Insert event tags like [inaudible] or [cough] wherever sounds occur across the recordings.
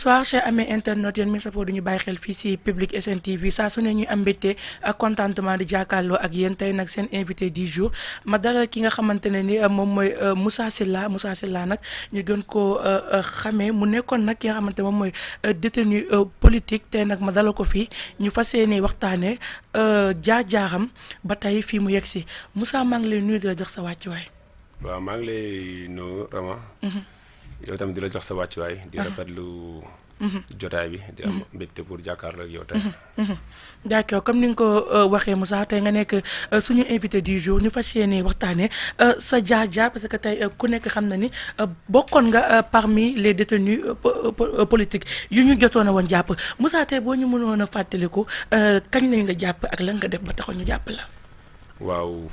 bonsoir chers amis internautes yéen mi safoo duñu bàyyi xel fi ci Public SNTV sa saa su ne ñuy am mbégte ak contentement di jàkkaarloo ak yéen tey nag seen invité du jour ma dalal ki nga xamante ni euh, mom moy euh, Moussa Silla Moussa Silla nak ñu gën ko euh, xamé mu nekkoon nak ki nga xamante mom moy détenu politique tey nak ma dalal ko fi ñu fas yéene waxtaanee jaar-jaaram ba tay fi mu yexi Moussa ma ngi lay nuyu di la jox sa waccu way wa ma ngi lay nuyu Rama. Mm-hmm. yow tamit di la jox sa wàccuwaay di rafetlu. Mhm. jotaay bi di am mhm. mbégte pour jàkkaarloo ak yow tey. Mhm. d'accord comme ni nga ko euh, waxee Moussa tey nga nekk euh, suñu invité du jour ñu fas yéene waxtaanee euh, sa jaar-jaar parce que tey ku nekk xam na ni bokkoon nga parmi les détenus politiques yu ñu jotoon a woon jàpp Moussa tey boo ñu mënoon a fàttaliku kañ lañ la jàpp ak lan nga def ba taxoon ñu jàpp la. waaw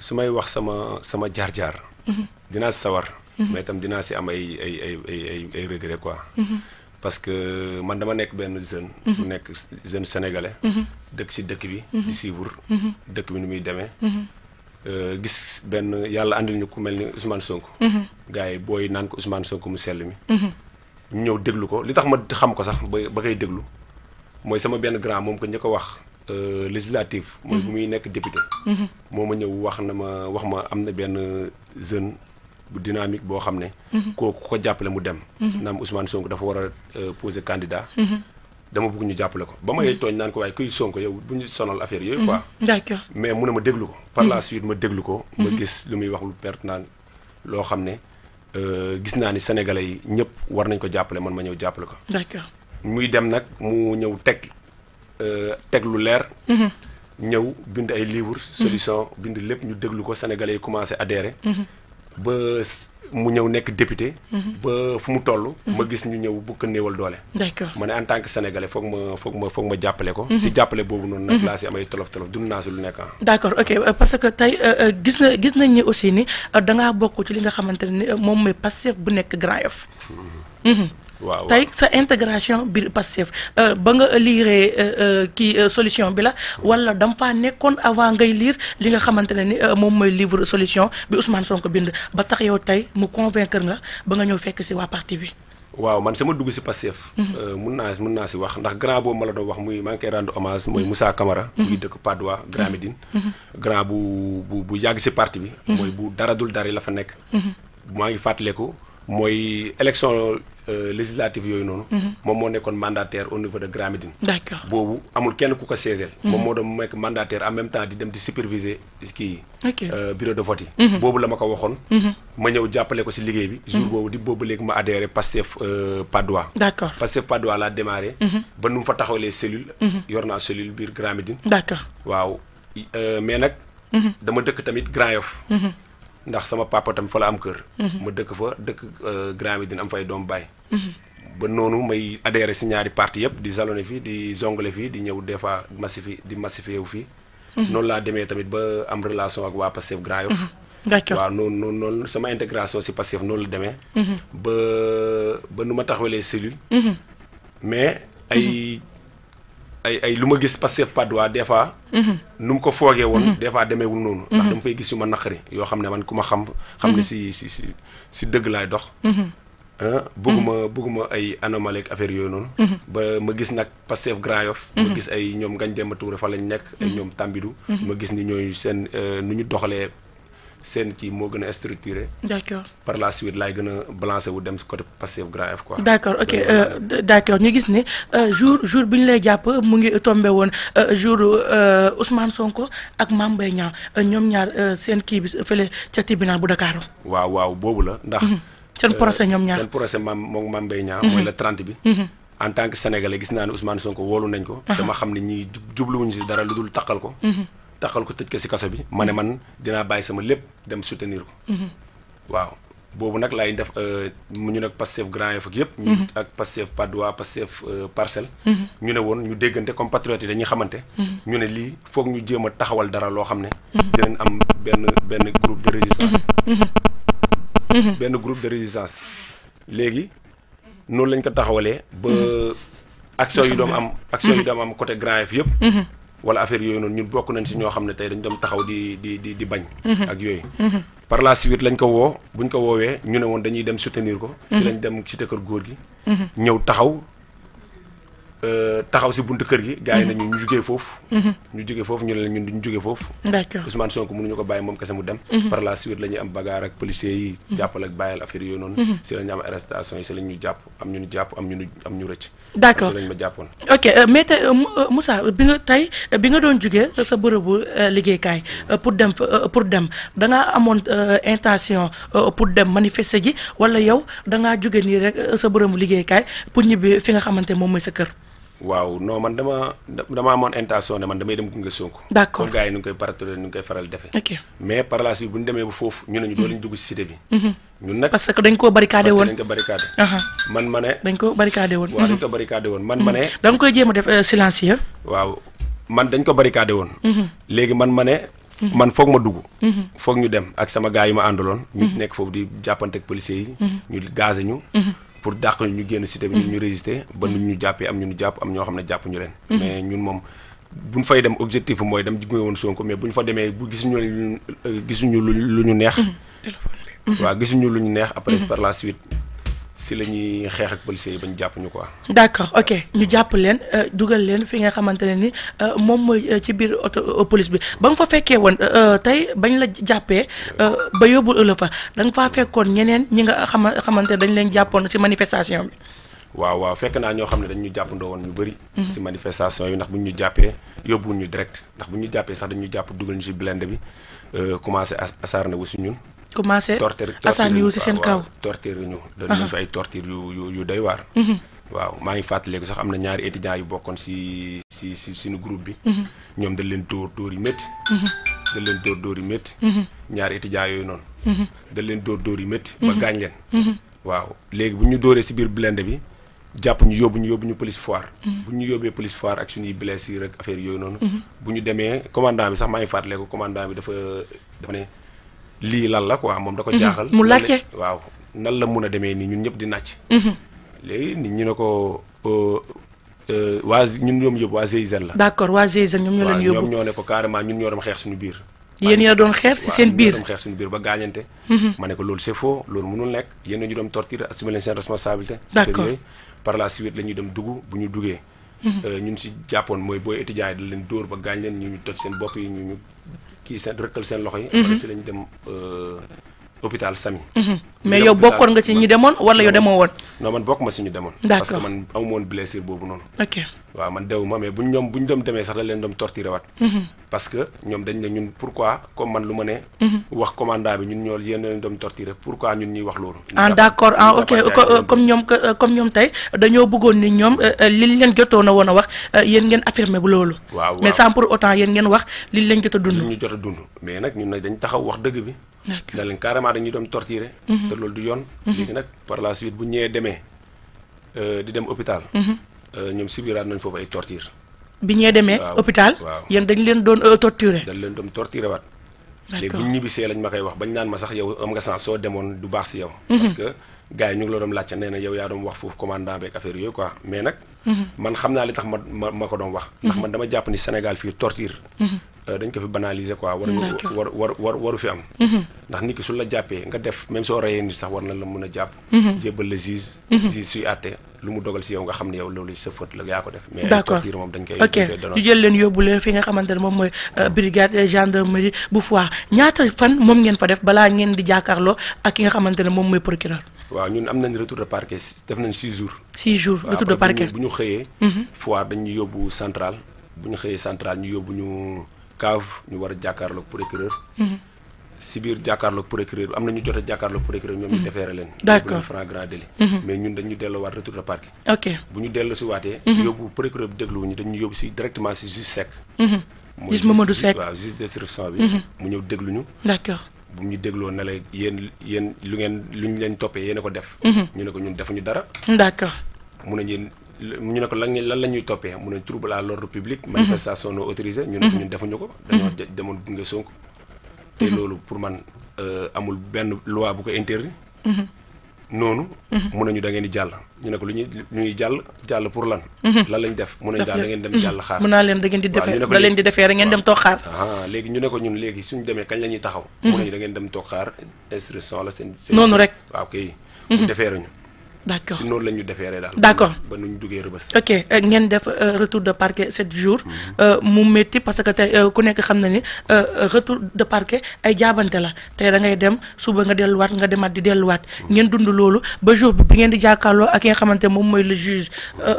su may wax sama sama jaar-jaar. dinaa sawar. Mhm. mais tam dina ci am ay ay ay ay ay regret quoi mhm. parce que man dama nek ben jeune mhm. mu nek jeune sénégalais dëkk ci dëkk bi di wour dëkk bi numuy démé euh gis ben yalla andil ñu ku melni Ousmane Sonko gaay boy nan ko Ousmane Sonko mu sell mi ñu ñëw ko li tax ma xam ko sax ba ba deglu moy sama ben grand mom ko ñëk wax euh législatif moy bu muy nek député moo ma wax na ma wax ma am ben jeune bu dynamique boo xam ne. Mhm. kooku ko jàppale mu dem. Mhm. naam Ousmane Sonko dafa war a euh, poser candidat. Mhm. dama bëgg jàppale ko ba may tooñ naan ko waaye kuy Sonko yow bu ñu sonal affaire yooyu quoi. d'accord mais mun na ma déglu ko. ma déglu ko. ma gis lu muy wax lu pertinent loo xam ne euh, gis naa ni sénégalais yi ñëpp war nañ ko jàppale man ma ñëw jàppale ko. muy dem nag mu ñëw teg euh, teg lu leer. ñëw bind ay livres. solution bind lépp ñu déglu ko sénégalais yi commencé adhérer. ba mu ñëw nekk député. Mhm. ba fu mu toll. Mhm. ma gis ñu ñëw bu ko néewal doole. d'accord ma ne en tant que sénégalais foog ma foog ma foog ma jàppale ko. Mhm. si jàppale boobu noonu. nag laa si amay tolof tolof dund naa si lu nekk ah. d'accord ok euh, parce que tey euh, euh, gis na gis nañ ni aussi ni da ngaa bokk ci li nga xamante ne moom mooy bu nekk Grand Yoff. waaw sa intégration passive passif euh, ba nga euh, euh, solution bi la wala dama fa avant ngay lire, li livre solution bi Ousmane Sonko bind ba tax yow tay mu convaincre nga ba nga parti bi. waaw man sama dugg si c'est mhm. mun naa mun naa grand la wax muy hommage mhm. Moussa Camara. Mhm. muy dëkk Grand grand bu bu parti bi. mooy bu dara dul la fa nekk. élection. Euh, législative yoy nonou mom mhm. mo nekkoon mandataire au niveau de Grand Médine. d'accord bobu amul kenn ku ko mom moom moo doon mandataire en même temps di dem di superviser euh, bureau de vote yi. Mhm. boobu la ma ko waxoon. Mhm. ma ñew jàppale ko ci liguey bi. jour bobu di boobu léegi ma adhéré euh, padoa d'accord Pastef padoa la démarré. ba nu mu fa taxawalee cellule. yor yorna cellule biir Grand Médine. d'accord waaw euh, mais nag. dama dëkk tamit Grand Yoff. ndax sama papa tam fa la am kër. Mhm. ma dëkk fa dëkk euh, grand bi dina am fay doom baay. Mhm. ba noonu may adhéré si ñaari parti yëpp di salone fii di jongle fii di ñëw des fois massifi di massifié wu fii. Mhm. noonu laa demee tamit ba am relation ak waa Pastef Grand Yoff. waaw noonu noonu sama intégration si Pastef noonu la demee. ba ba nu ma taxawalee cellule. mais ay. ay ay lu ma gis Pastef Padois des fois. Mhm. nu mu ko foogee woon. Mhm. des fois demeewul noonu. ndax mhm. dama fay gis yu ma naqari yoo xam ne man ku ma xam. xam ne si si si si dëgg laay dox. Ah, bëgguma bëgguma ay anomalie ak affaire yooyu noonu. ba ma gis nag Pastef Grand Yoff. ma gis ay ñoom Ngagne Demba Touré fa lañ nekk. ay ñoom Tambidou. ma gis ni ñooy seen euh, nu ñu doxalee. seen kii moo gën structuré. D'accord. par la suite laay gën a balancé wu dem si côté passé grave quoi. D'accord, ok Euh, D'accord. ñu gis ne euh, jour jour bi ñu lay jàpp mu ngi tombé euh, jour euh, Ousmane Sonko ak Mame Mbaye Niang euh, ñoom ñaar seen kii bi fële ca tribunal bu Dakar. waaw waaw boobu la ndax. Mhm. seen procès ñoom ñaar seen procès maam moom Mame Mbaye Niang. Mhm. mooy le 30 bi. Mhm. en tant que sénégalais gis naa Ousmane Sonko woolu nañ ko. dama xam ne ñii jubluwuñ si dara lu dul ko. taxal ko tej ke ci kasso bi mané mm-hmm. man dina baye sama lepp dem soutenir ko mm-hmm. waaw bobu nak lay def euh ñu nak passef Grand yef ak yep mm-hmm. ak passef padwa passef euh, parcel ñu ne won ñu déggante comme patriote dañuy xamanté ñu ne li fokk ñu jéem taxawal dara lo xamné dinañ am ben ben groupe de résistance ben groupe de résistance légui non lañ ko taxawalé ba action yu doom am action yu doom am côté Grand yef yep wala affaire yooyu noonu ñun bokk nañ si ñoo xam ne tey dañ dem taxaw di di di bañ. Mhm. ak yooyu. Mhm. par la suite lañ ko woo buñ ko woowee ñu ne woon dañuy dem soutenir ko. si mhm. lañ dem cité kër góor gi. ñëw taxaw. Euh, taxaw si buntu kër gi. gars yi mhm. nañu ñu jugee foofu. Mhm. ñu jugee foofu ñu ne la ñun duñu jugee foofu. d'accord Ousmane Sonko mënuñu ko bàyyi moom kese mu dem. Mhm. par la suite la ñuy am bagarre ak policiers yi. jàppal ak bàyyil affaire yooyu ñu am arrestation yi si la ñu jàpp am ñu bi nga tey euh, bi nga doon jugee euh, sa bërëbu liggéeykaay pour dem pour dem da amoon intention pour dem manifester ji wala yow da ngaa jugee nii rek sa bërëbu liggéeykaay pour ñibbi fi nga xamante moom mooy sa kër waaw non man dama dama amoon intention ne man damay dem gunge Sonko. d' accord yi nu ngi koy paratorer nu ngi koy faral defee. mais par la bu ñu demee ba foofu ñu ne ñu doo leen mm-hmm. dugg si cité bi. Mm-hmm. ñun nag parce que dañ koo barricadé woon man ma ne. dañ mm-hmm. da nga koy jéem a def euh, silencieux. waaw man dañ ko barricadé woon. léegi man ma ne. man foog ma dugg. foog ñu dem ak sama gars yi ma àndaloon. ñu nekk foofu di jàppante ak policiers yi. ñu gaze ñu. pour que ñu génn mm-hmm. résister ba ñu mm-hmm. jàppee am ñu ñu jàpp am ñoo xam mm-hmm. mais ñun moom buñ fay dem objectif dem Sonko mais bu fa bu après par la suite si la ñuy xeex ak policiers yi ba ñu jàpp ñu quoi. d' accord ok ñu jàpp leen euh, dugal leen fi nga xamante ne ni euh, moom mooy euh, ci biir auto police bi ba nga fa fekkee woon tey bañ la jàppee ba yóbbu la fa da nga fekkoon ñeneen ñi nga xama xamante dañ leen jàppoon si manifestation bi. waaw waaw fekk naa ñoo xam ne dañu ñu jàppandoo woon ñu bëri. Mhm. si manifestation yi ndax bu ñu ñu jàppee yóbbuwuñ ñu direct ndax bu ñu jàppee sax dañ ñu jàpp dugal ñu si blende bi commencé assaar na wu commencé assaan yu ci seen kaw torture ñu dañ nañ fi ay torture yu yu yu doy waar mhm. waaw maa ngi fàttaliku sax am na ñaari étudiants yu bokkoon si si si suñu groupe bi mhm. ñoom dañ leen dóor dóor yu métti mhm. dañ ñaari étudiants yooyu noonu dañ leen dóor dóor yu métti ba gaañ leen waaw léegi bu ñu dóoree si biir blende bi jàpp ñu yóbbu ñu yóbbu ñu police foire bu ñu yóbbee police foire ak suñuy blessure ak affaire yooyu noonu bu ñu demee commandant bi sax maa ngi fàttaliku lii lan la quoi moom da ko mhm. jaaxal. mu laajte waaw nan la mun a demee nii ñun ñëpp di nàcc. Mhm. léegi nit ñi ne ko euh, euh, waa ñun ñoom yóbbu waa GIGN la. d' accord waa GIGN ñoom ñoo leen yóbbu ñoom ñoo ne ko carrément ñun ñoo dem xeex suñu biir. yéen yéen a doon xeex si seen biir waaw xeex suñu biir ba gaañante. Mhm. ma ne ko loolu c'est faux loolu mënul nekk yéen ñu doon torture assumer leen seen responsabilité. d' accord par la suite la ñuy dem dugg bu ñu duggee. Euh, ñun si jàppoon mooy booy étudiant yi ba gaañ leen ñu ñu seen bopp yi ñu kii seen rëkkal seen loxo yi. wala mhm. si lañ dem euh, hôpital Samy. Mhm. mais yow bokkoon nga ci ñi demoon wala yow demoo woon. non man bokk ma si ñu demoon. parce que man amu woon boobu noonu. ok wah man ma mais buñ ñom buñ dem démé sax la leen doom torturer wat mhm. parce que ñom dañ ne ñun pourquoi comme man luma né mhm. wax commandant bi ñun ñol yeen leen torturer pourquoi ñun ñi wax lolu ah d'accord en ah ok euh, comme ñom euh, comme ñom tay dañoo bëggoon ni ñom euh, li leen jotto na wona wax yeen ngeen affirmer bu lolu mais sans pour autant yeen ngeen wax li leen jotta dund ñu jotta dund mais nak ñun dañ taxaw wax dëgg bi da leen carrément dañu torturer mhm. te lolu du yoon nak par la suite bu démé euh di dem hôpital Euh, ñoom subiraat nañ foofu ay torture bi ñee demee hôpital waaw yéen dañ leen doon euh, torturer dañ leen doom torturer waat léegi bu ñibbisee lañ ma koy wax bañ naan ma sax yow am nga sax soo demoon du baax si yow mhm. parce gaay ñu ngi la doon laajte neena yow yaa doon wax foofu commandant beeg affaire yooyu quoi mais nag. man xam naa li tax ma ma ko doon wax. ndax man dama jàpp ni Sénégal fii torture. Euh, dañ ko fi banaliser quoi. war war war war waru fi am. ndax nit ki su la jàppee nga def même soo reyee nit sax war na la mun a jàpp. jébbal la juge. juge suy àtte lu mu dogal si yow nga xam ne yow loolu sa faute la yaa ko def. mais torture moom dañ koy ok ñu jël leen yóbbu leen fi nga xamante ne moom mooy euh, brigade gendarmerie bu Foire ñaata fan moom ngeen fa def balaa ngeen di jàkkaarloo ak ki nga xamante ne moom mooy procureur. waaw ñun am nañ retour de parquet def nañ 6 jours. 6 jours retour de parquet bu ñu xëyee. Mhm. foire dañu yóbbu central bu ñu xëyee central ñu yóbbu ñu cave ñu war a jàkkaarloog procureur. Mhm. si biir jàkkaarloog procureur bi am na ñu jot a jàkkaarloog procureur ñoom ñu mhm. defeere leen. d' accord franc grand délit mais ñun dañu delloowaat retour de parquet. ok bu ñu delloo si waatee. yóbbu procureur bi dégluwu ñu dañu yóbbu si directement si juge sec. juge Mamadou sec waaw juge d'instruction bi. mu ñëw dégluñu. d' accord. bu ñu dégloo ne la yéen yéen lu ngeen luñ leen toppee yéen a ko def. Mhm. ñu ne ko ñun defuñu dara. d'accord mun nañu ñu ne ko lan lan la ñuy toppee mu nañu trouble à l'ordre public. Mhm. manifestation non autorisée. ñu ne ko mhm. ñun defuñu ko. dañoo demoon gunge Sonko. te loolu pour man euh, amul benn loi bu ko interdit. noonu. Mhm. mun nañu da ngeen di jàll. ñu ne ko lu ñuy ñuy jàll jàll pour lan. Mhm. lan lañ def mun nañu daal da dem mhm. jàll xaar. mun naa leen da ngeen di defee leen di defee rek ngeen dem toog xaar. ah léegi ñu ne ko ñun léegi suñu demee kañ la ñuy taxaw. mun nañu da ngeen dem toog xaar instruction la seen. seen noonu rek waaw kay. bu defee ñu D'accord. Si nous l'avons fait, D'accord. Ok, euh, def euh, retour de parquet 7 jours. Mhm. Euh, mu metti parce que ku nek xamna ni retour de parquet ay jaabante la. Tay da ngay dem suba nga delu wat nga demat di delu wat. Mhm. Ngén dund lolu ba jour bi ngén di jakarlo ak nga xamanté mom moy le juge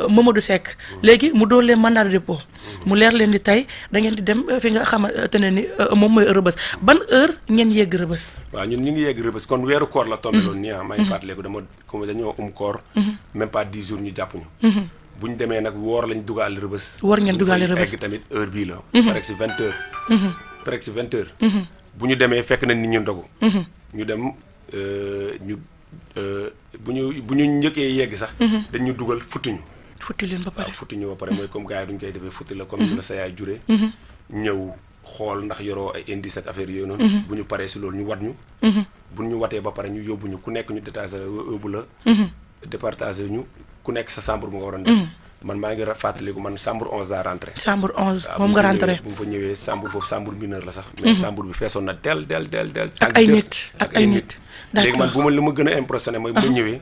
Mamadou Sek. Mhm. Légui mu dolé mandat de dépôt. Mu leer len di tay da di dem fi nga xamanté ni mom moy rebeus. Ban heure ngén yegg rebeus? Wa ñun ñi ngi yegg rebeus kon wéru koor la tombé lon ni may fatlé ko dama ko dañu um mbirum koor. Mhm. même pas dix jours ñu jàpp ñu. Mhm. bu ñu demee nag woor lañ dugaale rëbës. woor ngeen dugaale rëbës tamit heure bii la. Mhm. presque si vingt heures. presque si vingt heures. bu ñu demee fekk na nit ñu ndogu. ñu dem euh, ñu euh, bu ñu bu ñu njëkkee yegg sax. dañ ñu dugal futtuñu. futti leen ba pare futti ñu ba pare mooy comme gars yi duñ koy defee futti la comme ni la sa yaay juree. ñëw. xool ndax yoroo ay indice ak affaire yooyu noonu. Mhm. bu ñu paree si loolu ñu wat ñu. Mhm. bu ñu watee ba pare ñu yóbbu ñu ku nekk ñu détaché yóbbu la. Mhm. départagé ñu ku nekk sa chambre bu nga waroon def. man maa ngi fàttaliku man chambre 11 laa rentré. chambre 11 ah, moom nga rentré bu mu fa ñëwee chambre foofu chambre mineure la sax. mais chambre bi feesoon na del del del del. ak ay nit ak ay nit léegi man bu ma li ma gën a impressionné mooy ma ah. ñëwee.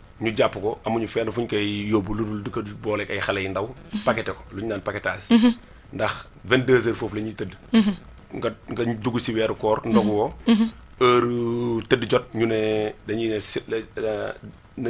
ñu jàpp ko amuñu fenn fu ñu koy yóbbu lu dul di ko booleeg ay xale yu ndaw. Mhm. paqueté ko lu ñu naan paquetage. Mhm. ndax 22 heures foofu la ñuy tëdd. Mhm. nga nga dugg si weeru koor. ndogu woo. heure tëdd jot ñu ne dañuy ne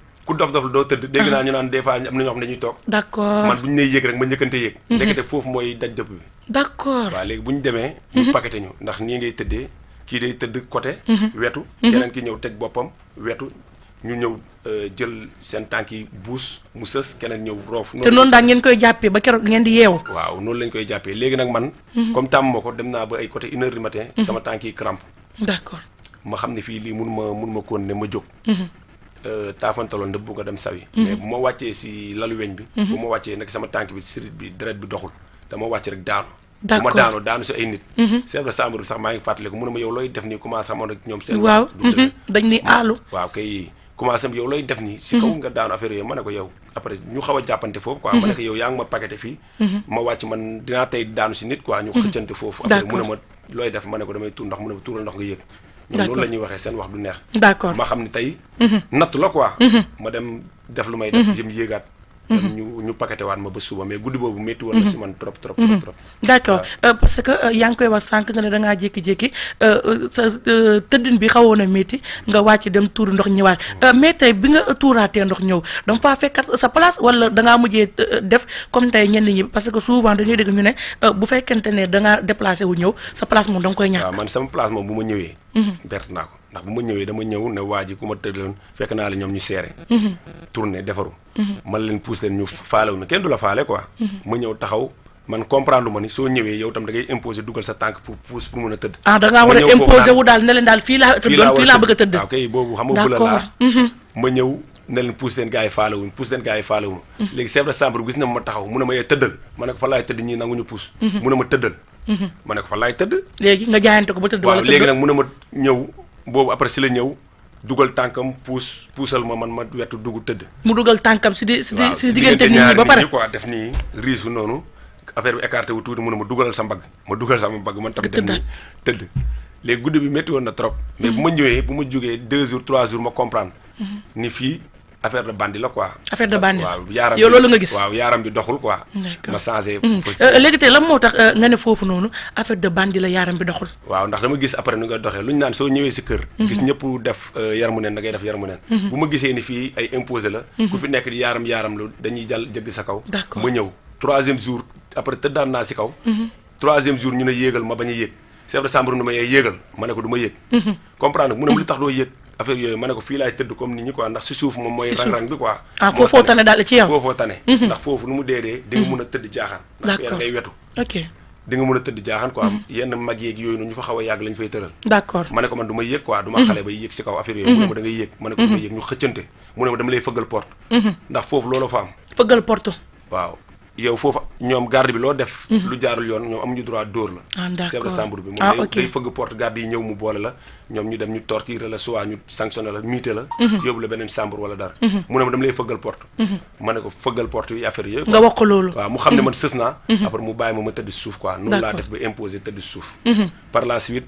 ku dof dof doo tëdd dégg naa ñu naan des am na ñoo xam ne dañuy toog man bu ñu nee yëg rek ma njëkkante yëg mhm. ndekete foofu mooy daj dëpp bi d'accord waaw léegi bu ñu demee ñu mhm. paqueté ñu ndax nii ngay tëddee kii day tëdd côté mhm. wetu keneen ki ñëw teg boppam wetu ñu ñëw euh, jël seen tànk buus mu sës keneen ñëw roof te noonu daan ngeen koy jàppee ba keroog ngeen di yeewu waaw noonu lañ koy jàppee léegi nag man comme tàmm ma ko dem naa ba ay côté une heure du matin sama ma xam ne fii lii mun ma mun ma koon ne ma jóg Euh, taafantaloon dëpp nga dem sawi mhm. mais bu ma wàccee si lalu bi mhm. bu ma wàccee nag sama tànk bi sirit bi deret bi doxul dama wàcc rek daanu daanu si ay nit mhm. chef de chambre bi sax maa ngi fàttaliku mu ne ma yow looy def nii commencé amoon rek ñoom seen waaw dañ ni aalu waaw kay si kaw nga daanu affaire yooyu ma ko yow après ñu xaw a jàppante foofu quoi ma ne ko yow yaa ngi ma paqueté fii ma wàcc man dinaa tey daanu si nit quoi ñu xëccante foofu après mu ne ma looy def ma ko damay tuural ndox nga yëg ñoom loolu la ñuy waxee seen wax du neex. d'accord ma xam ne tey. Mhm. natt la quoi. Mhm. ma dem def lu may def. Mhm. jëm yéegaat. Mm-hmm. ñu ñu paqueté waat ma ba suba mais guddi boobu métti woon na mm-hmm. si man trop trop mm-hmm. trop trop d' accord euh, parce que euh, yaa ngi koy wax sànq nga ne da ngaa jékki-jékki euh, sa tëddin bi xawoon a métti nga wàcc dem tuur ndox ñëwaat mm. mais tey bi nga tuuraatee ndox ñëw da nga faa fekkat sa place wala da ngaa mujjee def comme tey ñenn ñi parce que souvent dañuy dégg ñu ne bu fekkente ne da ngaa déplacé wu ñëw sa place moom da nga koy ñàkk waaw man sama place moom bu ma ñëwee perte ndax bu ma ñëwee dama ñëw ne waa ji ku ma tëdloon fekk naa la ñoom ñu seere mhm. tourné defaru mhm. man leen pousse leen ñu faalewu ma kenn du la faale quoi mhm. ma ñëw taxaw man a ah, a a ko fa laay tëdd ñii nanguñu pousse mu ne ma tëddal ma ne ko fa laay tëdd léegi nga jaayante ko ba tëdd waaw léegi nag mu ne ma ñëw boobu après si la ñëw dugal tànkam puus puusal ma man ma wetu dugg tëdd. mu dugal tànkam si di si di si diggante nit ñi ba pare quoi def nii riisu noonu affaire bi écarté wu tuuti mu ne ma dugalal sa mbagg. ma dugal sama mbagg man tam def nii tëdd. léegi guddi bi métti woon na trop. mais bu ma ñëwee bu ma jógee deux jours trois jours ma comprendre. Mm-hmm. ni fii affaire de bandi la quoi. affaire de bandi waaw yaaram yow loolu nga gis waaw yaaram bi doxul quoi. ma changé. Mm. Euh, léegi tey lan moo tax euh, nga ne foofu noonu affaire de bandi la yaaram bi doxul. waaw ndax dama gis après nu nga doxee lu ñu naan soo ñëwee si kër. Mm-hmm. gis ñëpp def euh, yaramu neen mm-hmm. ma gisee mm-hmm. lu dañuy jàll jëgg sa kaw. ma ñëw troisième jour après tëddaan naa si kaw. troisième jour ñu ne yéegal ma bañ a yéeg chef de chambre ma yee yéegal ma ne ko du ma yéeg. comprendre mu ne lu tax doo yéeg affaire yooyu ma ne ko fii laay tëdd comme nit ñi quoi ndax si suuf moom mooy rang bi quoi ah tane daal ci yow foofoo tane mhm. ndax foofu nu mu deedee di nga mhm. mun a tëdd jaaxaan ndax yéen ngay wetu ok di nga a tëdd jaaxaan quoi mhm. yenn mag yeeg yooyu noonu ñu fa xaw a yàgg lañ fay tëral d'accord ma ko man du ma yéeg quoi du ma xale bay yéeg si kaw affaire yooyu mu ne ma da ngay ko ma yéeg ñu xëccante mu ne ma dama lay fëggal porte ndax foofu loolu fa yow foofu ñoom garde bi loo def. Mhm. lu jaarul yoon ñoom amuñu droit dóor la. ah a chef de chambre bi moom ah, day fëgg porte garde yi ñëw mu boole la ñoom ñu dem ñu torturer la soit ñu sanctionné la muté la. Mhm. yóbbu la beneen chambre wala dara. Mhm. mu ne ma dama lay fëggal porte. ma ne ko fëggal porte yi affaire yëpp. nga wax ko loolu. waaw mu xam ne man sës naa. après mu bàyyi ma ma tëdd suuf quoi. noonu laa def ba imposer tëdd suuf. par la suite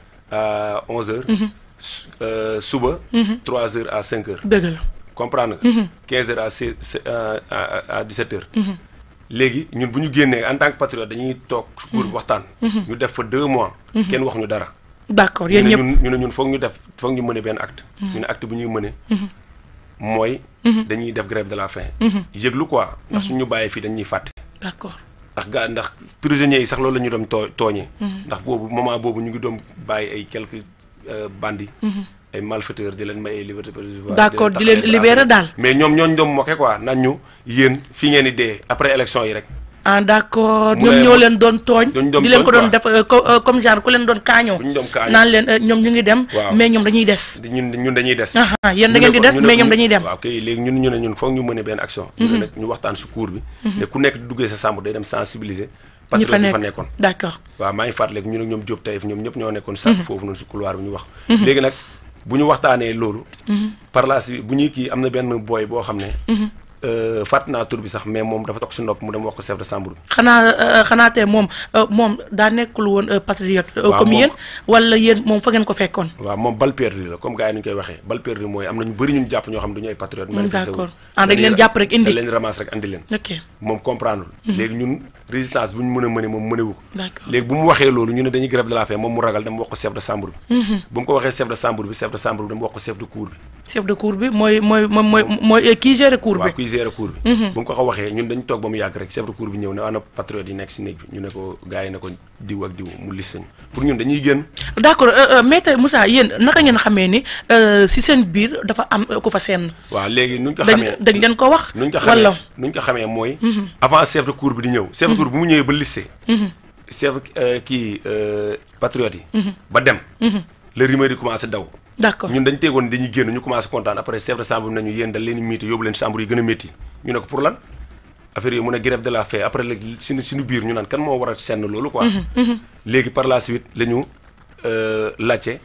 à 11h. suba. 3h à 5h. Dégal. 15h à 17h. Nous mhm. ñun nous, en tant que patriote nous sommes pour mhm. waxtaan. Mhm. ñu def fa deux mois. pour wax ñu dara. d'accord yéen ñëpp ñu ne ñun devons ñu def foog ñu mëne acte. ñu nous acte c'est mëne. mooy. dañuy grève de la faim. yëglu quoi ndax suñu ñu bàyyee d'accord. ndax gaa ndax prisonniers yi sax loolu la ñu doon too tooñee. Mm-hmm. ndax boobu moment boobu ñu ngi doon euh, mm-hmm. di leen liberté daal. mais ñoom ñooñu doon moqué quoi nan ñu ngeen di dee après élection yi rek. ah d' accord ñoom ñoo leen doon tooñ di leen ko doon def euh, euh, comme genre ku leen doon kaañoo naan leen euh, ñoom ñu ngi dem mais ñoom dañuy des ñun dañuy des ah, ah, yéen da des mais ñoom dañuy dem waaw kay léegi ñu ne ñun foog ñu mëne d' accord waaw maa ngi fàttaliku ñu ne ñoom Diop ñoo nekkoon mm-hmm. sànq foofu noonu si couloir bi ñu wax mm-hmm. léegi nag bu ñu waxtaanee loolu mm-hmm. par la suite bu kii am na benn booy boo xam ne Euh, fàtt naa tur bi sax mais moom dafa toog si nopp mu dem wax ko chef de chambre bi. xanaa euh, xanaa tey moom euh, moom daa nekkul woon patriote. comme yéen wala yéen moom fa ngeen ko fekkoon. waaw moom bal perdu la comme gars yi ni ñu koy waxee bal perdu mooy am na ñu bëri ñun jàpp ñoo xam du ñu ay patriote. manifester wu ah, d'accord ànd ak leen jàpp rek indi leen ramasse rek andi leen. ok moom comprendre mhm. léegi ñun résistance bu ñu mën a mëne moom mënewu ko léegi bu mu waxee loolu ñu ne dañuy grève de la faim moom mu ragal dama wax ko chef de chambre bi mm-hmm. bu mu ko waxee chef de chambre bi chef de chambre bi dama wax ko waxee ñu ne dañuy génn d' accord euh, euh, mais tey Moussa yéen naka ni euh, si seen biir dafa am ku fa seen waaw léegi nuñ ko xamee dañ leen ko wax nuñ ko ko xamee mooy mm-hmm. avant chef de cour bi di ñëw discours bu mu ñëwee ba lycée. Mhm. chef euh, kii euh, patriote yi. Mhm. ba dem. Mhm. la rumeur yi commencé daw. d' accord ñun dañ teegoon dañuy génn ñu commencé kontaan après chef de chambre nañu yéen dal leen miite yóbbu leen chambre yi gën a métti ñu ne ko pour lan affaire yi mu ne grève de biir ñu naan kan moo war a senn loolu quoi. léegi par la suite la ñu euh, laajte.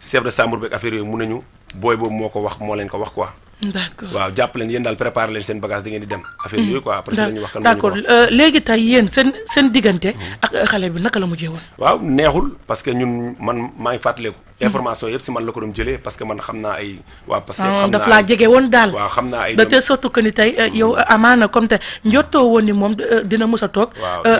chef de chambre beeg affaire yooyu mun nañu booy boobu moo ko wax moo leen ko wax quoi. d'accord waaw jàpp leen yéen daal préparé leen seen bagage da ngeen di dem. affaire yooyu quoi après si la ñuy wax. Euh, seen seen diggante. Mhm. ak xale bi naka la mujjee woon. waaw neexul parce que ñun man maa ngi fàttaleeku. Mhm. information yëpp si man la ko doon jëlee parce que man xam naa ay. Ah, xam naa daf laa jege woon daal. xam naa ay de telle sorte que ni tey euh, yow mhm. amaana comme te njottoo woon ni moom euh, dina mës a toog.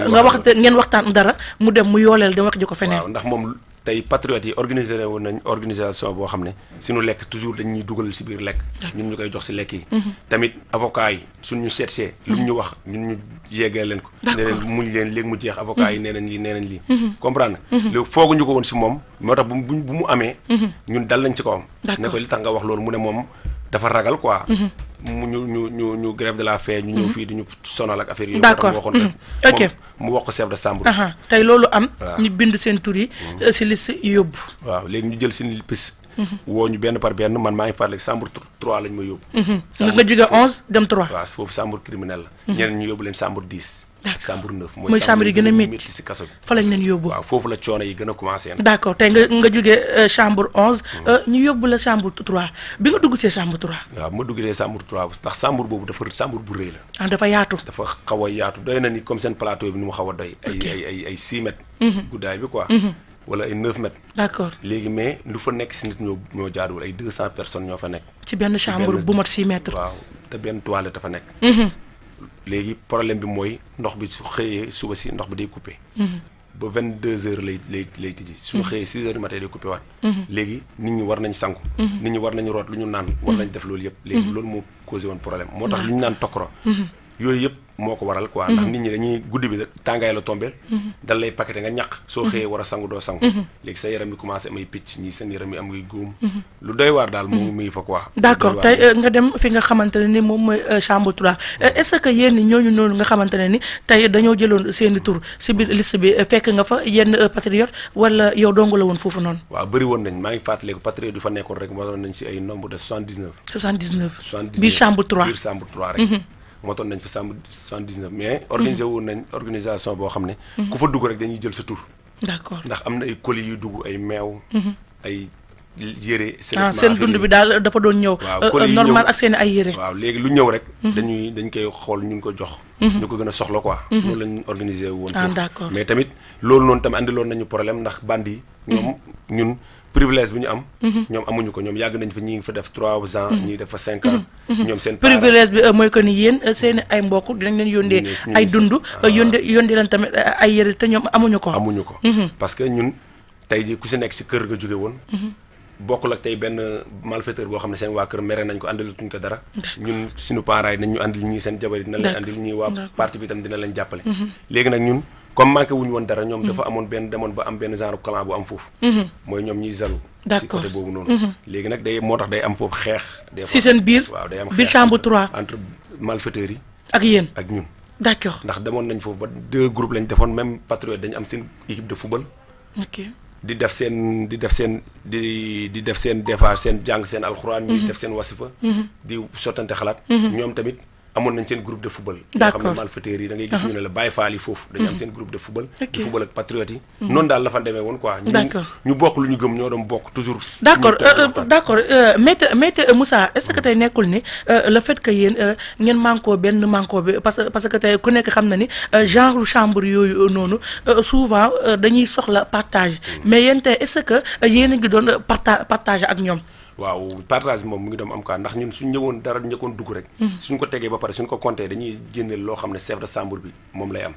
nga wax ngeen waxtaan dara mu dem mu yooleel da wax ji ko feneen. waaw ndax moom tey patriotes yi organiser woon nañ organisation boo xam ne suñu lekk toujours dañ ñuy dugal si biir lekk ñun ñu koy jox si lekk yi mhm. tamit avocat yi suñu seetsee lu ñu mhm. wax ñu ñu yeggee leen ko ne leen muñ leen léegi mu jeex avocat yi mhm. nee nañ lii nee nañ lii comprendre léegi fooguñu ko woon si moom moo tax bu bu mu amee ñun dal nañ ci kawam ne ko li tax nga wax loolu mu ne moom dafa ragal ko mu ñu ñu ñu ñu grève de la faim. ñu ñëw mhm. fii du ñu sonal ak affaire yooyu. d'accord moo tax mu mhm. mu wax ko chef de chambre. tey loolu am. ñu bind seen tur yi. Mhm. Euh, si liste yóbbu. waaw léegi ñu jël seen piste. [laughs] woo ñu benn par benn man maa ngi farle chambre trois lañ ma yóbbu. Mhm. nga jóge onze dem trois. waaw foofu chambre criminel la. Mhm. ñeneen ñu yóbbu leen chambre dix. chambre neuf mooy chambre yi gën a métti si kaso bi fa lañ leen yóbbu. a commencé. d' euh, mhm. euh, yóbbu la chambre trois bi nga dugg see chambre trois. waaw ma dugg see chambre trois ndax chambre boobu dafa chambre bu rëy la. ah dafa yaatu. dafa xaw a yaatu doy na ni comme seen plateau bi ni mu xaw a doy. ay ay guddaay bi quoi. wala ay 9 mètres. d'accord léegi mais lu fa nek ci nit ñoo ñoo jaaduwul ay 200 personnes ñoo fa nek. ci ben chambre bu mat 6 mètres. waaw te benn toilette dafa nekk. Mhm. léegi problème bi mooy ndox bi su xëyee suba si ndox bi day coupé. Mhm. ba 22 heures lay lay lay tijji. su mhm. xëyee 6 heures matin day coupé waat. léegi nit ñi war nañ sangu. nit ñi war nañ root lu ñu naan. war nañ def loolu yëpp. léegi loolu moo causé woon problème moo tax lu ñu naan tokkoro. yooyu yëpp. moo ko waral quoi. ndax mhm. nit ñi dañuy guddi bi tàngaay la tombé. Mhm. dal lay nga ñaq. soo mhm. xëyee war a sangu doo sangu. léegi sa yaram yi commencé amay picc ñii seen yaram yi am ngay góom. lu doy waar daal moom mi fa quoi. d' accord tey euh, nga dem fi nga xamante ni moom mooy euh, chambre 3 est ce que yéen ñooñu noonu nga xamante ne ni tey dañoo jëloon seen i tur si biir liste bi euh, fekk nga fa yenn patriote wala yow dong la woon foofu noonu. waaw motoon nañ fa sàmm 79 mais. organisé mhm. woon nañ organisation boo xam ne. Mhm. ku fa dugg rek dañuy jël sa tur. d'accord ndax am na ay colis yu dugg ay meew. Mhm. ay yére. ah seen dund bi daal dafa doon ñëw. Euh, normal ak seen ay yére. waaw léegi lu ñëw rek. dañuy dañ koy xool ñu ko jox. ñu ko gën a soxla quoi. loolu lañ organisé woon. ah d'accord mais tamit loolu noonu tamit andiloon nañu problème ndax bandi ñun. privilège bi ñu am. Mhm. ñoom amuñu ko ñoom yàgg nañ fa ñi ngi fa def trois ans. Mhm. ñi def fa cinq ans. Mhm. ñoom seen privilège bi euh, mooy que ni yéen euh, seen ay mbokk dinañ leen yóndee ay dund ah. euh, yóndee yóndee leen tamit ay yére ñoom amuñu ko. parce que ñun tey ku si nekk si kër nga jóge woon. bokkul ak tey benn malfaiteur boo xam ne seen waa kër mere nañ ko àndalatuñ ko dara seen jabar yi dina leen àndal ñii waa parti bi itam dina leen jàppale léegi nag ñun comme manqué wuñu won dara ñom mm-hmm. dafa amone ben demoon ba am ben genre clan bu am foofu moy mm-hmm. ñom ñuy zalu d'accord côté bobu non mm-hmm. légui nak day motax day am foofu xex si sen bir waaw day am biir chambre 3 entre malfaiteurs yi ak yeen ak ñun d'accord ndax demoon nañ foofu ba deux groupes lañ defoon même patriote dañ am sen équipe de football ok di def sen di def sen di di def sen defaar sen jang sen alcorane ñuy def sen wasifa di sottante xalat ñom tamit amoon nañ seen groupe de football. d'accord yoo xam ne malfaiteurs yi da ngay gis ah. ñu ne la Baye Fall yi foofu. dañu am mm-hmm. seen groupe de football. di football ak patriote yi. Mm-hmm. noonu daal la fa demee woon quoi. d'accord ñu bokk lu ñu gëm ñoo doon bokk toujours. d'accord euh, d'accord euh, maître maître Moussa est-ce que tey mm-hmm. nekkul ni euh, le fait que yéen ngeen manko benn manko bi parce que parce que tey ku nekk xam na ni genre chambre yooyu noonu souvent dañuy soxla partage mais yéen tey est-ce que yéen a ngi doon partage partage ak ñoom. waaw partage bi moom mu ngi doon am quoi ndax ñun suñ ñëwoon dara njëkkoon dugg rek mm-hmm. suñ ko tegee ba pare suñ ko compté dañuy génneel loo xam ne chef de chambre bi moom lay am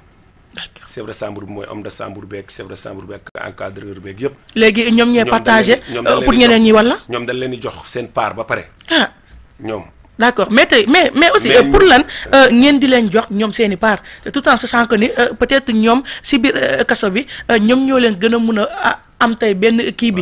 chef de chambre bi mooy homme de chambre beeg chef de chambre beeg encadreur beeg yëpp léegi ñoom ñooy partagé euh, pour ñeneen ñi wala ñoom dañ leen di jox seen part ba pare ah ñoom d' accord mais tey mais mais aussi euh, pour lan euh, ngeen di leen jox ñoom seen i part tout en sachant que ni peut être ñoom si biir kaso bi ñoom ñoo leen gën a mun a ah, am tey benn kii bi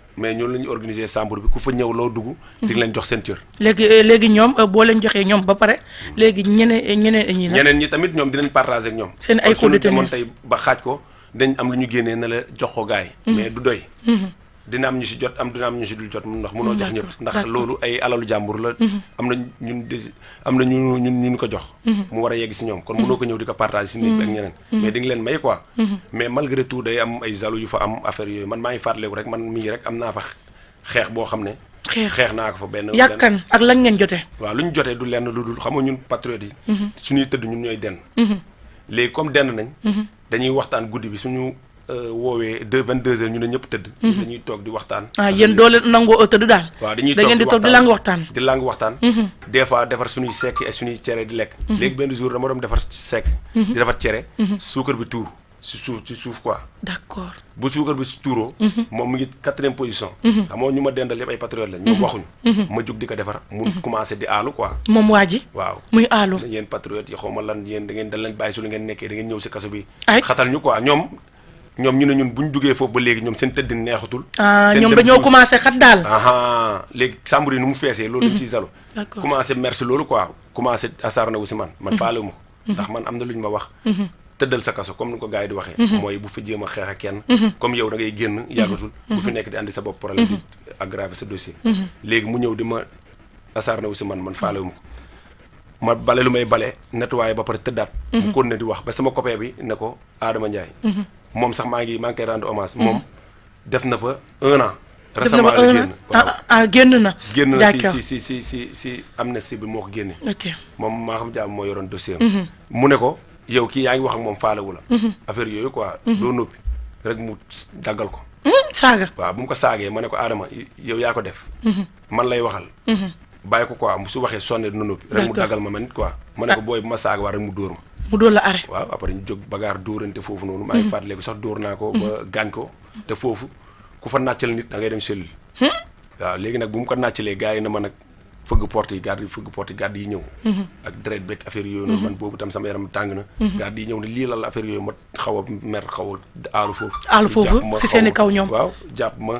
mais ñoom la ñu organiser chambre bi ku fa ñëw loo dugg. di leen jox seen cër. léegi euh, léegi ñoom euh, boo leen joxee ñoom ba pare léegi ñeneen ñenee ñi. ñeneen ñi tamit ñoom dinañ partager ak ñoom. seen ay coordonnées kon suñu tey ba xaaj ko dañ am lu ñu génnee na la jox ko gars mm-hmm. mais du doy. Mm-hmm. dina am ñu si jot am dina am ñu si dul jot ndax mënoo jox ñëpp ndax loolu ay alalu jàmbur la mhm. am na ñun des am na ñu ñu ko jox mhm. mu war a yegg si ñoom kon mënoo ko ñëw di ko partage si néeg bi ak mhm. ñeneen mais di nga leen may quoi mais malgré tout day am ay jaloux yu fa am affaire yooyu man maa ngi fàttaliku rek man mii rek am naa fa xeex boo xam ne xeex naa ko fa benn yàkkan ak lañ ngeen jotee waaw lu ñu jotee du lenn lu dul xam ñun patriotes yi suñuy tëdd ñun ñooy Euh, woowee deux vingt deux heures ñu ne ñëpp tëdd. Mhm. dañuy toog di waxtaan. ah yéen doo leen nangoo tëdd daal. dañuy di toog di lang waxtaan. di lang waxtaan. Mhm. des fois defar suñuy sekk et suñuy cere di lekk. Mhm. léegi benn jour dama doon defar sekk. di defar cere. suukar bi tuur si suuf ci suuf quoi. d'accord bu suukar bi tuuroo. moom mu ngi quatrième position. xam nga ñu ma dendal yëpp ay patriote lañ. ñoom waxuñu. ma jug di ko defar. mu commencé di aalu quoi. moom waa ji. waaw muy aalu. yéen patriote yi xaw lan yéen da ngeen da lañ su lu ngeen da ngeen bi. xatal ñu quoi ñoom ñu ne ñun bu ñu duggee foofu ba léegi ñoom seen tëddin neexatul. Ah, seen ñoom dañoo commencé xat daal. léegi sàmbur yi nu mu feesee. loolu dañ mm-hmm. ciy salu. d'accord loolu mm-hmm. ma ko. Mm-hmm. ndax man am na ma wax. tëddal sa kaso comme ni ko gars yi di waxee. mooy bu fi jéem a xeex ak di andi sa sa dossier. léegi mu ñëw di ma asaar na wu si man man faale wu ma ko. ma bale lu may bale nettoyé ba pare tëddaat. mu continué di wax ba sama copain bi ne ko Adama Ndiaye. moom sax maa ngi maa ngi koy rendre hommage. Mhm. moom def na fa un an. a la génn ah, ah génn na. génn na si si si si si bi moo ko génne. ok moom maa xam jaam moo yoroon dossier mhm. mu ne ko yow kii yaa ngi wax ak moom faalewu la. Mhm. affaire yooyu quoi. doo noppi rek mu daggal ko. saaga waaw bu mu ko saagee ma ne ko Adama yow yaa ko def. man lay waxal. bàyyi ko quoi su waxee sonné dina noppi. rek mu daggal ma ma nit quoi. ma ne ko ah. booy bu ma saaga waa rek mu dóor mu doon la arrêt. waaw après ñu jóg bagaar dóorante foofu noonu. maa mm-hmm. ngi fàttaliku sax dóor naa ko. ba mm-hmm. gaañ ko. te foofu ku fa nàccal nit da ngay dem cellule. Hmm? waaw léegi nag bu mu ko nàccalee gars yi na ma nag fëgg porte yi garde yi fëgg porte yi garde yi ñëw. Mm-hmm. ak deret beeg affaire yooyu man boobu tam sama yaram tàng na. garde yi ñëw ne lii lal affaire yooyu ma xaw a mer xaw a aalu foofu. aalu foofu si seen kaw ñoom waaw jàpp ma.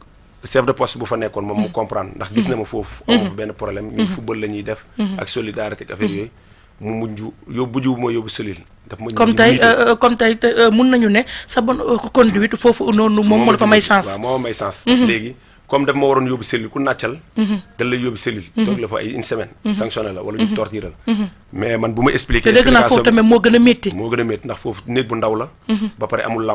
chef de poste bu fa nekkoon moom mu mm-hmm. comprendre ndax gis na ma foofu. Mm-hmm. amoo fa benn problème ñun mm-hmm. football la ñuy def. ak solidarité ak affaire yooyu. mu mujj yóbbu jiw mooy yóbbu solil daf ma comme tey euh, comme tey euh, mun nañu ne sa bonne euh, conduite foofu noonu moom moo la fa may ma may chance léegi comme daf ma waroon yóbbu selil ku nàccal da lay yóbbu selil toog la fa ay une semaine sanctionné la wala ñu torturé la mais man bu ma expliqué te dégg naa foofu tamit moo gën a métti moo gën a métti ndax foofu néeg bu ndaw la ba pare amul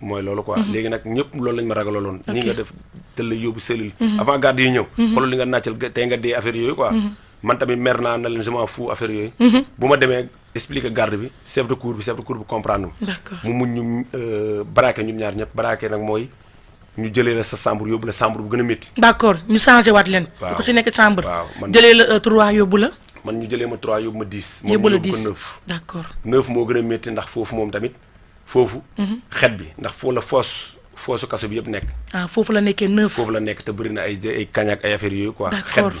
mooy loolu quoi mhm. léegi nag ñëpp loolu lañ ma ragaloloon ñi nga def tëll yóbbu cellule mhm. avant garde yi ñëw mhm. xoolal li nga nàccal tey nga dee affaire yooyu quoi man tamit mer naa na leen je ma euh, sa chambre yóbbu la chambre bu gën a métti d' accord ñu changé waat euh, a foofu moom tamit foofu. Mhm. xet bi ndax foo la foos foosu kaso bi yëpp nekk. ah foofu la nekkee neuf. foofu la nekk te bëri na ay ay kañ ak ay affaire yooyu quoi. xet bi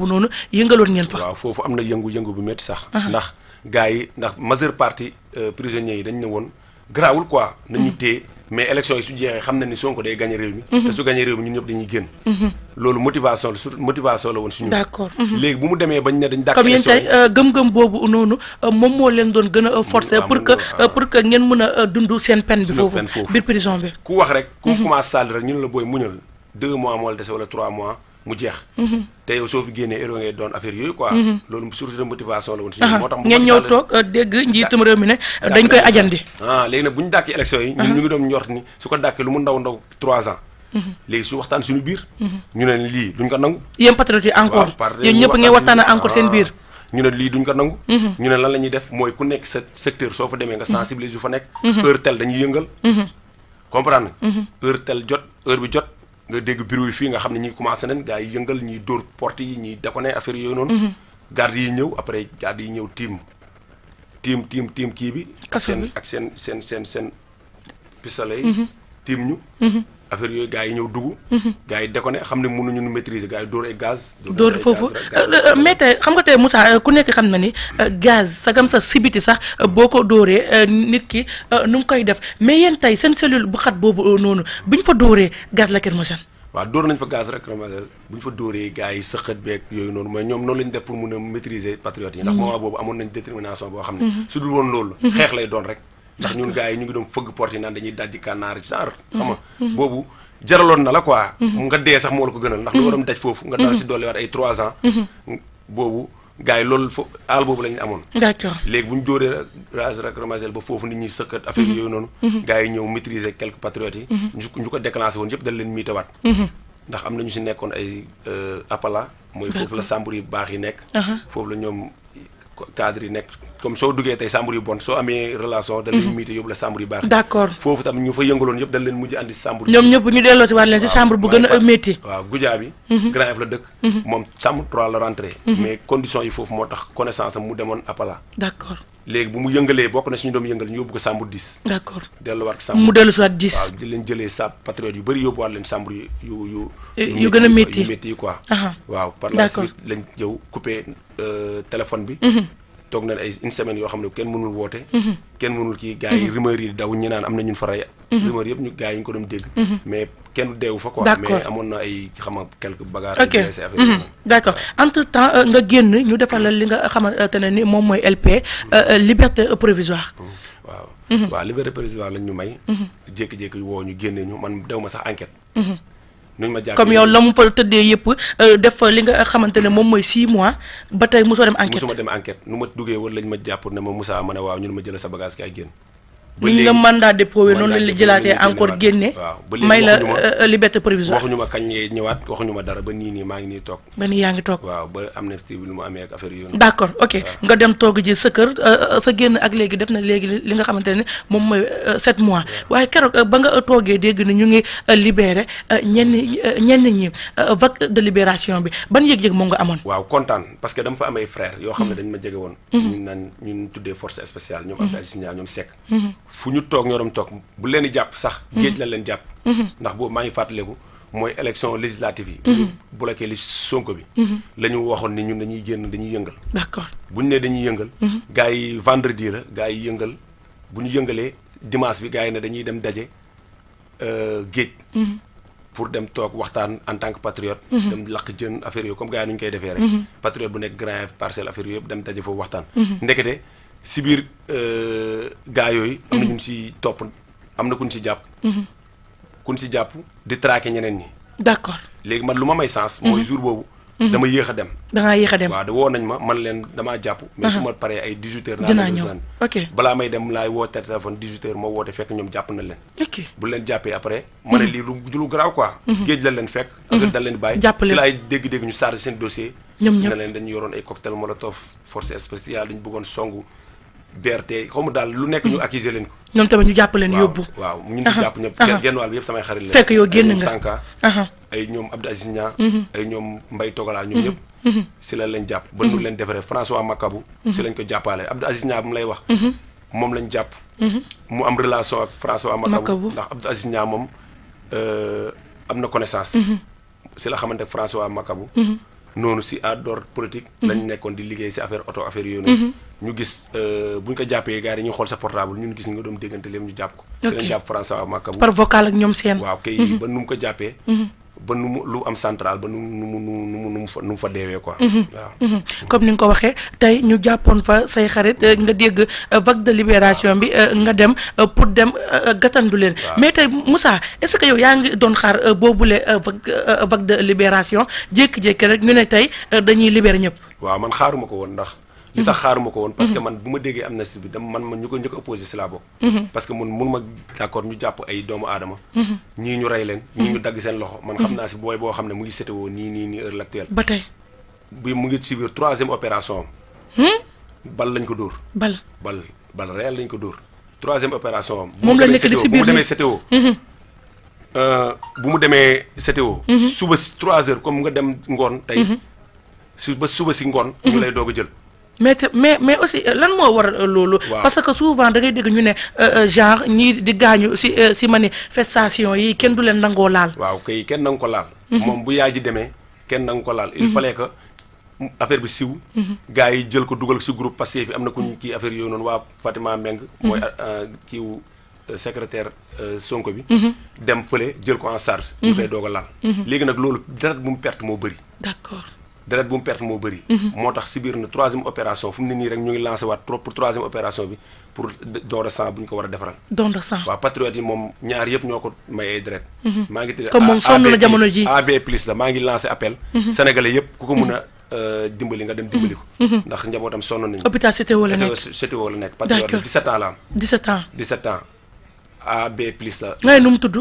boobu noonu yëngaloon ngeen fa. waaw foofu am na yëngu-yëngu bu métti sax. ndax gars yi ndax majeure partie euh, prisonniers yi dañ ne woon garaawul quoi. nañu mhm. téye mais élection yi su jeexee xam na ni Sonko day gagné réew mi. Mhm. te su gagné réew mi ñun ñëpp dañuy génn. Mhm. loolu motivation la surtout motivation la woon léegi bu mu demee bañ ne dañ dàq. élection yi comme euh, gëm-gëm boobu noonu euh, moom moo leen doon gën a forcer pour que pour que ngeen mën a dund seen peine bi foofu bi. ku mu jeex mhm. te yow soo fi génnee héros ngay doon affaire yooyu quoi mhm. loolu source de motivation la woon si moo tax ngeen ñëw toog euh, dégg njiitum réew mi ne dañ koy ajandi ah léegi nag bu ñu dàkkee élection yi ñun ñu ngi doon njort ni su ko dàkkee lu mu ndaw ndaw trois ans mhm. léegi su waxtaan suñu ah. biir ñu ne lii duñ ko nangu yéen patriote yi encore yéen ñëpp ngeen waxtaan encore seen biir ñu ne lii duñ ko nangu ñu ne lan la ñuy def mooy ku nekk sa secteur soo fa demee nga sensibiliser fa nekk heure tel dañuy yëngal comprendre heure tel jot heure bi jot nga dégg bureau yi fii nga xam ne ñi commencé nañ gars yi yëngal ñuy dóor porte yi ñuy déconné affaire yooyu noonu. Mhm. garde yi ñëw après garde yi ñëw tiim. tiim tiim tiim kii bi. ak seen ak seen seen seen seen pistolet yi. Mhm. tiim ñu. Mhm. affaire yooyu gars yi ñëw dugg. Mhm. gars yi déconné xam ne mënuñu nu maîtriser gars yi dóor ay gaz. dóor foofu euh, euh, mais tey xam nga tey Moussa euh, ku nekk xam na ni gaz sagam sa sibiti sax boo ko dóoree nit ki nu mu koy def mais yéen tey seen cellule bu xat boobu noonu bu ñu fa dóoree gars yi sëqat beeg yooyu noonu mooy ñoom noonu lañu def pour mun a maîtriser patriotes yi ndax mhm. moment boobu amoon nañ détermination boo xam ne mhm. su dul woon loolu xeex lay doon rek ndax ñun gars yi ñu ngi doon fëgg porte yi naan dañuy dajji kànnaar genre mhm. xam nga mhm. boobu jaraloon na la quoi mhm. nga dee sax moo la ko gënal ndax lu waroon daj foofu nga dal si dolli waat ay trois ans boobu gars yi loolu fo àll boobu la amoon léegi bu ñu dóoree rag rak ramagel ba foofu nit ñuy sëkkat affaire yooyu noonu gars yi ñëw maîtriser quelques patriotes yi ñu ñu ko déclenché woon yëpp dañ leen miitawaat ndax am na ñu si nekkoon ay euh, appala mooy foofu la sàmbur comme soo duggee tey chambre yu bon soo amee relation. da lay muté yóbbu la chambre yu baax. d' accord foofu tam ñu fa yëngaloon yëpp leen mujj andi si chambre. ñoom ñëpp ñu delloo si waat leen si chambre bu gën a métti. waaw a métti par la suite lañ jëw coupé euh, téléphone bi mhm. toog nañ ay une semaine yoo xam ne kenn mënul woote. Mhm. kenn mënul kii gars yi mhm. rumeur yi daw ñi naan am na ñun fa rey. Mhm. rumeur yëpp ñu gars yi ñu ko doon dégg. mais kenn deewu fa quoi. mais entre temps euh, nga génn ñu defal la li nga xamante ne ni moom mooy LP. Euh, euh, liberté provisoire. Oh, waaw. liberté provisoire lañ may. jékki-jékki woo ñu génne ñu man dew ma sax enquête. nuñ ma jàppee comme yow la mu fa tëddee yëpp euh, def fa li nga xamante ne moom mooy 6 mois ba tey mosoo dem enquête mosuma dem enquête nu ma duggee war lañ ma jàpp ne ma Moussa ma ne waaw ñu ma jëlal sa bagage kaay génn ni ñu la mandat dépôt we noonu lañ la jëlaatee encore génne may la euh, euh, liberté provisoire waxuñu ma kañ ngay ñëwaat waxuñu ma dara ba nii nii maa ngi nii toog ba nii yaa ngi toog waaw ba amnistie bi nu mu amee ak affaire yoon d' accord ok nga dem toog sa kër euh, sa génn ak léegi def na léegi li nga xamante ne moom mooy sept mois waaye keroog ba nga toogee dégg na ñu ngi libéré ñenn ñenn ñi vague de libération bi ban yëg-yëg moom nga amoon waaw kontaan parce que dama fa am ay frère yoo xam ne mm-hmm. dañ ma jege woon mm-hmm. ñun naan ñu tuddee force spéciale ñoom mm-hmm. Abdou Aziz Ndiaye ñoom Seck fu ñu toog ñoo doon toog bu leen di jàpp sax. Mhm. géej la leen jàpp. Mhm. ndax boobu maa ngi fàttaliku mooy élection législative yi. Mhm. bu li Sonko bi. la ñu waxoon ni ñu ñun ñu génn dañuy yëngal. d'accord bu ñu nee dañuy yëngal. gars yi vendredi la gars yi yëngal bu ñu yëngalee dimanche bi gars yi ne dañuy dem daje euh, géej. pour dem toog waxtaan en tant que patriote. dem lakk jën affaire yooyu comme gars yi nu ñu koy defee rek. patriote bu nekk grand parcelle affaire yooyu yëpp dem daje foofu waxtaan. sibir biir euh, gaa yooyu am na mhm. ñu si topp am na kuñ si jàpp mhm. kuñ si jàpp di traqué ñeneen ñi d' accord léegi man lu ma may sens mooy mhm. jour boobu dama yéex a dem da ngaa yéex a dem waaw da woo nañ ma man leen dama jàpp mais su ma paree ay 18 heures dinaa ñëw ok balaa may dem laay woote téléphone 18 heures ma woote fekk ñoom jàpp na leen ok bu leen jàppee après ma ne lii lu lu graw quoi géej la leen fekk ak dal leen bàyyi jàpp leen si laay dégg-dégg ñu chargé seen dossier ñoom ñëpp ne leen dañu yoroon ay cocktail molotov force spéciale dañu bëggoon songu BRT xaw ma daal lu nekk ñu mm-hmm. accuser leen ko. ñoom tamit ñu jàpp leen yóbbu. waaw waaw ñu ngi jàpp ñëpp uh-huh. genn wàll bi yëpp samay xarit la. fekk yow génn nga Sanka. Uh-huh. ay ñoom Abdou Aziz Nia. Mm-hmm. ay ñoom Mbaye Togala ñoom mm-hmm. ñëpp. si lañ leen jàpp. ba nu leen defaree François Makabu. si lañ la xamante ak François Makabu. noonu si à d'ordre politique. Mhm. lañ nekkoon di liggéey si affaire oto affaire yooyu mhm. ñu gis euh, buñ ko jàppee gars yi dañuy xool sa portable ñun gis nga doon déggante lépp ñu jàpp ko. ok si lañ jàpp François par vocal ak ñoom seen. waaw kay mhm. ba nu ko jàppee. ba nu mu lu am central ba nu mu nu mu nu nu mu fa deewee ko mhm. waaw mhm. comme ni nga ko waxee tey ñu jàppoon fa say xarit euh, nga dégg euh, vague de libération bi euh, nga dem pour dem gàttandu leen. mais tey Moussa est-ce que yow yaa ngi doon xaar boobule vague vague de libération jékki-jékki rek ñu ne tey dañuy libérer ñëpp. waaw man xaaruma ko woon ndax. li tax mhm. xaaruma ko woon parce que mhm. man bu ma déggee amnistie bi dama man ma ñu ko ñu ko opposé si laa bokk mhm. parce que mun ma ñu jàpp doomu aadama ñii ñu rey leen ñu dagg seen loxo man xam naa si booy boo xam ne mu ngi sétéwoo nii nii nii heure ba tey mu ngi si biir troisième opération am hmm? lañ ko dóor bal bal bal réel lañ ko dóor troisième opération am moom la nekk di si biir bu euh, bu mu demee sétéwoo suba trois heures comme nga dem ngoon tey su ba suba si ngoon ñu lay doog jël mais mais mais aussi euh, lan mo war euh, lolu parce que souvent da ngay ñu né euh, genre ni di gaañu si mané festation yi kenn du leen nango laal. waaw kay kenn nango laal. mom mhm. bu yaay ji demee kenn nango laal. il mhm. fallait que affaire bi siw. Mhm. gaay yi jël ko duggal ci groupe passé bi amna ku affaire yoy non wa Fatima meng mooy kii secrétaire Sonko bi. dem fële jël ko en charge. ñu fay dogal laal. légui nak lolu dara bu mu perte mo bëri. d'accord. deret bu mu perte moo bëri. Mhm. moo tax si biir na troisième opération fu mu ne nii rek ñu ngi lancé waat trop pour troisième opération bi pour don de sang bu ñu ko war a defaral. don de waaw patriote yi moom ñaar yëpp ñoo ko mayee deret. Mhm. maa ngi tëdd a mhm. euh, dimbali nga dem la am. 17 ans 17 ans AB plus la. ngay nu mu tudd.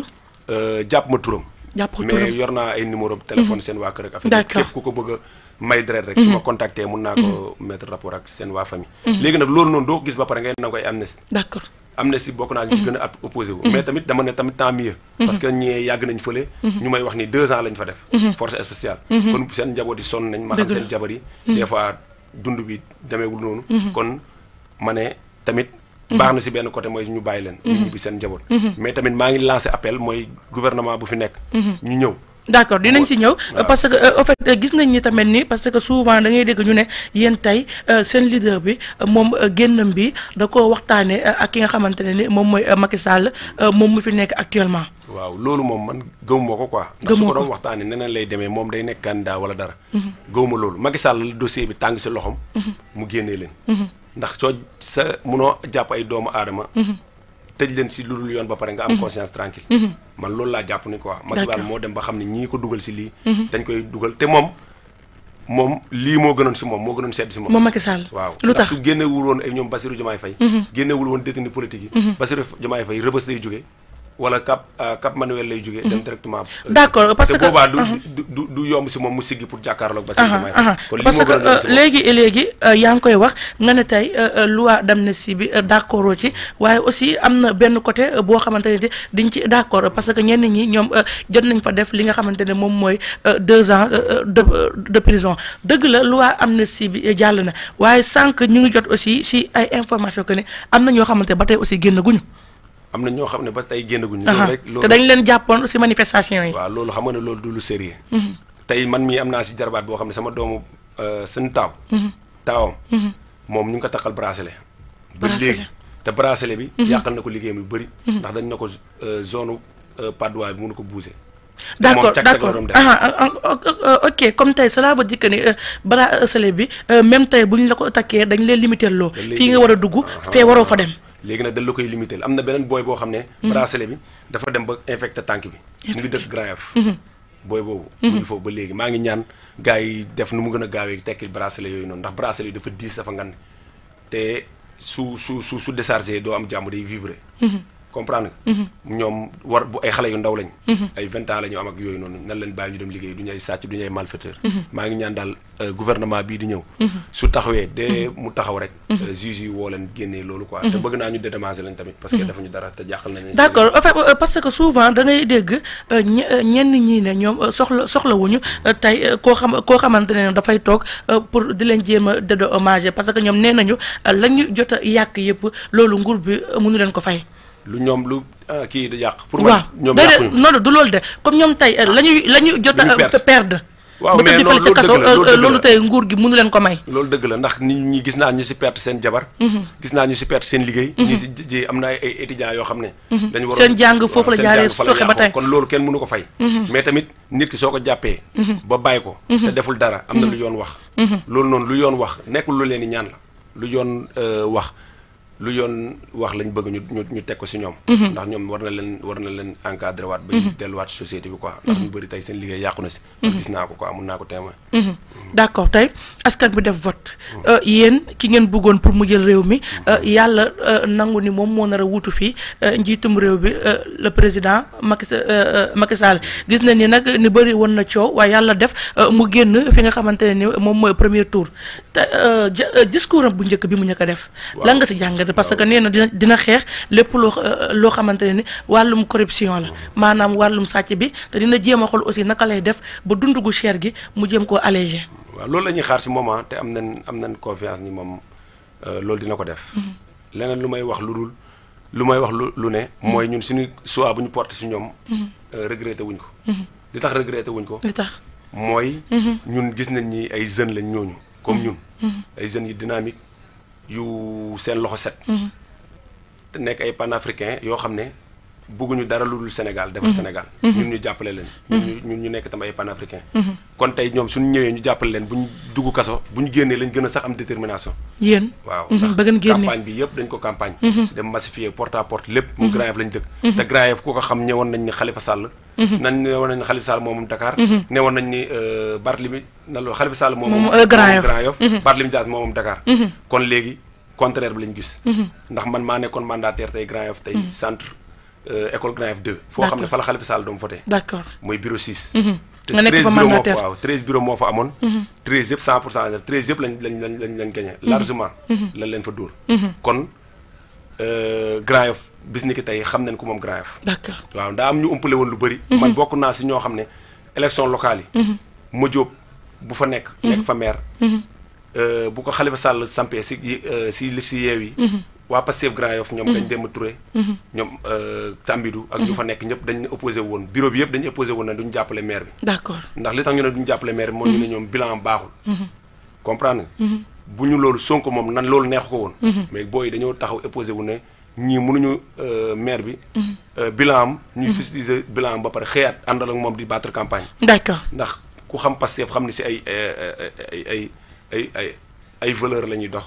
Euh, jàpp ma turam. jàppoo turam mais yor naa ay numéro téléphone mhm. seen waa kër ak affaire képp ku ko bëgg a may deret rek su ma mhm. contacter mun naa ko mhm. mettre rapport ak seen waa famille léegi nag loolu noonu doo gis ba pare ngay nangu ay amnistie d'accord amnistie bokk naa ñu gën a opposé mais tamit dama ne tamit tant mieux parce que ñee yàgg nañ fële ñu may wax ni deux ans lañ fa def force spéciale kon seen njaboot sonn nañ ma xam seen jabar yi des bi demeewul noonu kon ma ne tamit baax na si benn côté mooy ñu bàyyi leen mhm. ñu ñibbi seen njaboot mhm. mais tamit maa ngi lancé appel mooy gouvernement bu fi nekk mhm. ñu ñëw d'accord dinañ si ñëw parce que en euh, fait euh, gis nañ ni tamit ni parce que souvent da ngay dégg ñu ne yéen tey euh, seen leader bi moom génnam bi da ko waxtaane ak ki nga xamante ne ni moom mooy Macky Sall moom mu fi nekk actuellement waaw loolu moom man gëwuma ko quoi ndax su ko doon waxtaane neneen lay demee moom day nekk candidat wala dara gëwuma loolu Macky Sall dossier bi tàng si loxom mu ndax soo sa munoo jàpp ay doomu aadama. Mhm. tëj leen si lu dul yoon ba pare nga am mhm. conscience tranquille mhm. man loolu laa jàpp ni quoi Macky Sall moo dem ba xam ne ñii ko dugal si lii dañ koy dugal te moom moom lii moo gënoon si moom moo gënoon sedd si moom moom Macky Sall waaw lu tax su génnewul woon ay ñoom Bassirou Diomaye Faye génnewul woon détenu politique yi Bassirou Diomaye Faye rëbës lay jógee wala Cap euh, Cap Manuel lay jógee. dem mhm. directement. Euh, d'accord parce que te boobaa uh-huh. du du du yomb si moom mu siggi pour jàkkaarloog. Bassirou uh-huh, Diomaye uh-huh. kon li parce que euh, léegi léegi yaa ngi koy wax nga ne tey loi d'amnistie bi d'accord ci waaye aussi am na benn côté boo xamante ne diñ ci d'accord parce que ñenn ñi ñoom jot nañ fa def li nga xamante ne moom mooy deux ans de de prison dëgg la loi amnistie bi jàll na waaye sànq ñu ngi jot aussi si ay information que ne am na ñoo xamante ba tey aussi génn guñu. am na ñoo xam ne ba tey génnaguñu. loolu rek loolu te dañ leen jàppoon si manifestation yi. waaw loolu xam ne loolu du lu mhm. tey man mii am naa si jarbaat boo xam ne sama doomu euh, seen taaw. Mhm. taawam. Mhm. moom ñu ngi ko takkal bracelet. bracelet te bracelet bi. yàqal na ko liggéeyam yu bëri. ndax dañ na ko euh, zone euh, Padois bi mënu ko bousee. d' accord d' accord ah ok comme tey cela veut bu ñu la ko takkee dañ leen limiter loo. fii nga war a dugg fee waroo fa dem. léegi nag dañ la koy limité am na beneen booy boo xam ne. Hmm. bracelet bi dafa dem ba infecté tànk bi. mu ngi dëkk Grand Yoff. Hmm. booy boobu. Hmm. mu foofu ba léegi maa ngi ñaan gaa yi def nu mu gën a gaawee tekkil bracelet yooyu noonu ndax bracelet yi dafa diis dafa ngan te su su su su déchargé doo am jàmm day vibré. comprendre nga. Mhm. ñoom war bu ay xale yu ndaw lañ. Mhm. ay vingt ans la ñu am ak yooyu noonu nan leen bàyyi ñu dem liggéey du ñu sàcc du ñu malfaiteur. Mhm. maa ngi ñaan daal euh, gouvernement bii di ñëw. su taxawee dee mu taxaw rek. Euh, juge yi woo leen génnee loolu quoi. te bëgg naa ñu dédommager leen tamit. parce que parce que ñoom a nee nañu euh, la ñu jot a loolu nguur bi mënu leen ko fay lu ñoom lu ah, kii di yàq. pour man ñoom yàquñu waaw non du loolu de comme ñoom tey euh, la ñuy la ñuy jot a perdre. waaw mais loolu dëgg la loolu euh, dëgg loolu tey nguur gi mënu leen ko may. loolu dëgg la ndax nit ñi gis naa ñu si perte seen jabar. Mhm. gis naa ñu si perte seen liggéey. Mhm. ñi si am na ay yoo xam ne. Mhm. seen jàng foofu la jaaree sooxe ba tey kon loolu kenn mënu ko fay. mais tamit nit ki soo ko jàppee. ba bàyyi ko. te deful dara am na lu yoon wax. loolu noonu lu yoon wax nekkul lu lu yon wax lañ bëgg ñu ñu tek ko ci ñom mhm. ndax ñom war na leen war na leen encadrer waat ba ñu mhm. delluwaat société bi quoi mhm. ndax ñu bëri tay seen liggéey yàqu na ci gis na ko quoi mun na ko téma d'accord tay askan bi def vote euh, yeen ki ngeen bëggoon pour mu jël réew mi euh, yalla euh, nangu ni mom mo na ra wutu fi njitum réew bi le président Macky Sall gis na ni nak ni bëri won na ciow wa yalla def mu genn fi nga xamantene ni mom moy premier tour te discours bu ñëk bi mu ñëk def la nga ci jàng garde parce que nee na dina xeex lépp loo euh, loo xamante ne ni wàllum corruption la maanaam wàllum sàcc bi te dina jéem a xool aussi naka lay def ba dund gu cher gi mu jéem koo allégé. waaw loolu la ñuy xaar si moment te am nañ am nañ confiance ni moom euh, loolu dina ko def. Mm-hmm. leneen lu may wax lu dul lu may wax lu ne. mooy mm-hmm. ñun suñu choix bu ñu porté si ñoom. Mm-hmm. Euh, regretté wuñ ko. li tax regretté wuñ ko. li tax mooy. ñun gis nañ ni ay jeunes lañ ñooñu comme ñun. ay jeunes yi dynamique. yu seen loxo set. te nekk ay panafricain yoo xam ne bëgguñu dara lu dul Sénégal defar mhm. Sénégal mhm. ñun ñu jàppale leen mhm. ñun ñun ñu nekk tam ay panafricain kon tey ñoom suñu ñëwee ñu jàppale leen bu ñu dugg kaso bu ñu génnee lañ gën a sax am détermination yéen waaw ndax campagne bi yëpp dañ ko campagne dem massifier porte a porte lépp mu Grand Yoff lañ dëkk te Grand Yoff ku ko xam ñëwoon nañ ni Khalifa Sall nañ ne woon nañ Khalifa Sall moom Dakar ne woon nañ ni euh, Barthélémy na loolu Khalifa Sall Euh, école Grand F2. Il faut que Sall le voté. D'accord. bureau 6. 13 mhm. bureaux fa 13 100 13 largement. Mhm. lañ leen fa dóor. Mhm. Euh, Grand nous nous Grand a am ñu lu man bokk qui si élection locale de bu fa si euh, si waa Pastef Grand Yoff ñoom dañ mm-hmm. dem Touré mm-hmm. ñoom euh, Tambidou ak ñu fa mm-hmm. nekk ñëpp dañ opposé woon bureau bi yëpp dañu opposé woon na duñu jàppale maire bi d'accord ndax li tax ñu ne duñu jàppale maire bi bilan moom nan loolu neexu ko woon mais booy dañoo taxaw opposé wu ne ñii mënuñu euh, maire bi euh, bilan am ñuy fiscaliser bilan am ba pare xëyaat àndal ak moom di battre campagne d'accord ndax ku xam Pastef xam ne si ay ay ay ay ay valeur la ñuy dox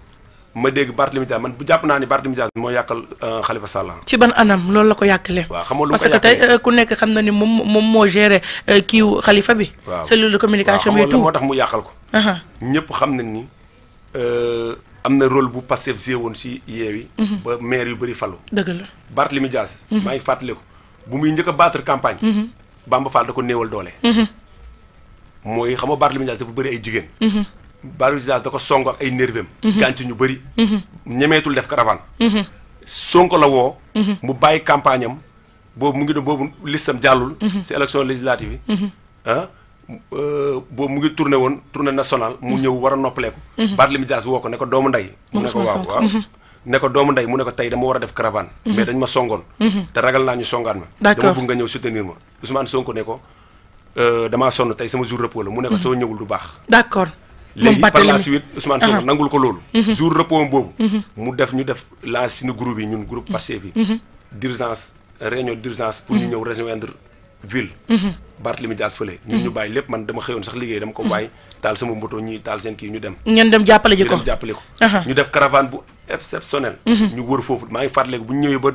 ma dégg Barthélémy Dias man bu jàpp naa ni Barthélémy Dias moo yàqal euh, Khalifa Sall. ci ban anam loolu la ko yàqalee. waaw xam nga lu ko yàqalee parce euh, na ni moom moom moo euh, tax mu yàqal ko. Uh-huh. ñëpp xam nañ ni am na rôle bu Pastef joué woon si Yewwi. Uh-huh. ba maire yu bëri falu. dëgg la Barthélémy Dias. Uh-huh. maa ngi fàttaliku bu muy njëkk a battre campagne. Bamba Fall da ko néewal doole. mooy xam nga Barthélémy Dias dafa bëri ay jigéen. Barou Dias da ko song ak ay nervem mhm. gaañ ci ñu bëri. Mhm. ñemeetul def caravane. Mhm. Sonko la woo. mu bàyyi campagne am boobu mu ngi doon boobu listam jàllul. si élection législative yi. ah euh, boobu mu ngi tourné woon tournée nationale mu ñëw war a noppaleeku. Barthélémy Dias woo ko ne ko doomu ndey. mu ne ko tey dama war a def caravane. mais dañ ma songoon. te ragal naa ñu songaan ma. dama bëgg nga ñëw soutenir ma Ousmane Sonko ne ko euh, damaa sonn tey sama jour repos la léegi par la suite Ousmane Sonko ah. nangul ko loolu. Mm-hmm. Mm-hmm. jour repos boobu. Mm-hmm. mu def ñu def la suñu groupe yi ñun groupe Pastef yi. d'urgence réunion d'urgence pour ñu ñëw rejoindre ville. Barthélemy Dias fële. ñun ñu bàyyi lépp man dama xëyoon sax liggéey dama ko bàyyi. taal sama moto ñuy taal seen kii ñu dem. ngeen dem jàppale ji ko ñu def caravane bu exceptionnel. ñu wër foofu maa ngi fàttaliku bu ñu ñëwee ba.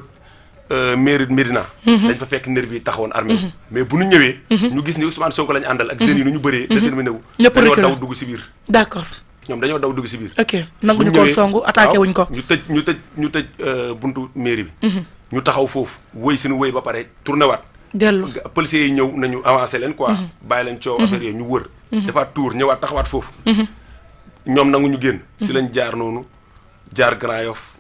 Euh, mairie Medina mhm. dañ fa fekk nervi taxawon armée mhm. mais bu ñu ñëwé mhm. ñu gis ni Ousmane Sonko lañ andal ak jeune yi ñu bëré déterminé wu dañu daw dugg ci biir d'accord ñom dañu daw dugg ci biir OK nangu ñu ko songu attaqué wuñ ko ñu tej ñu tej ñu tej euh, buntu mairie bi ñu taxaw fofu woy suñu woy ba paré tourner wat delu policier yi ñëw nañu avancer len quoi bay len ci affaire ñu wër dafa tour ñëwaat taxawat fofu ñom nangu ñu genn ci lañ jaar nonu jaar Grand Yoff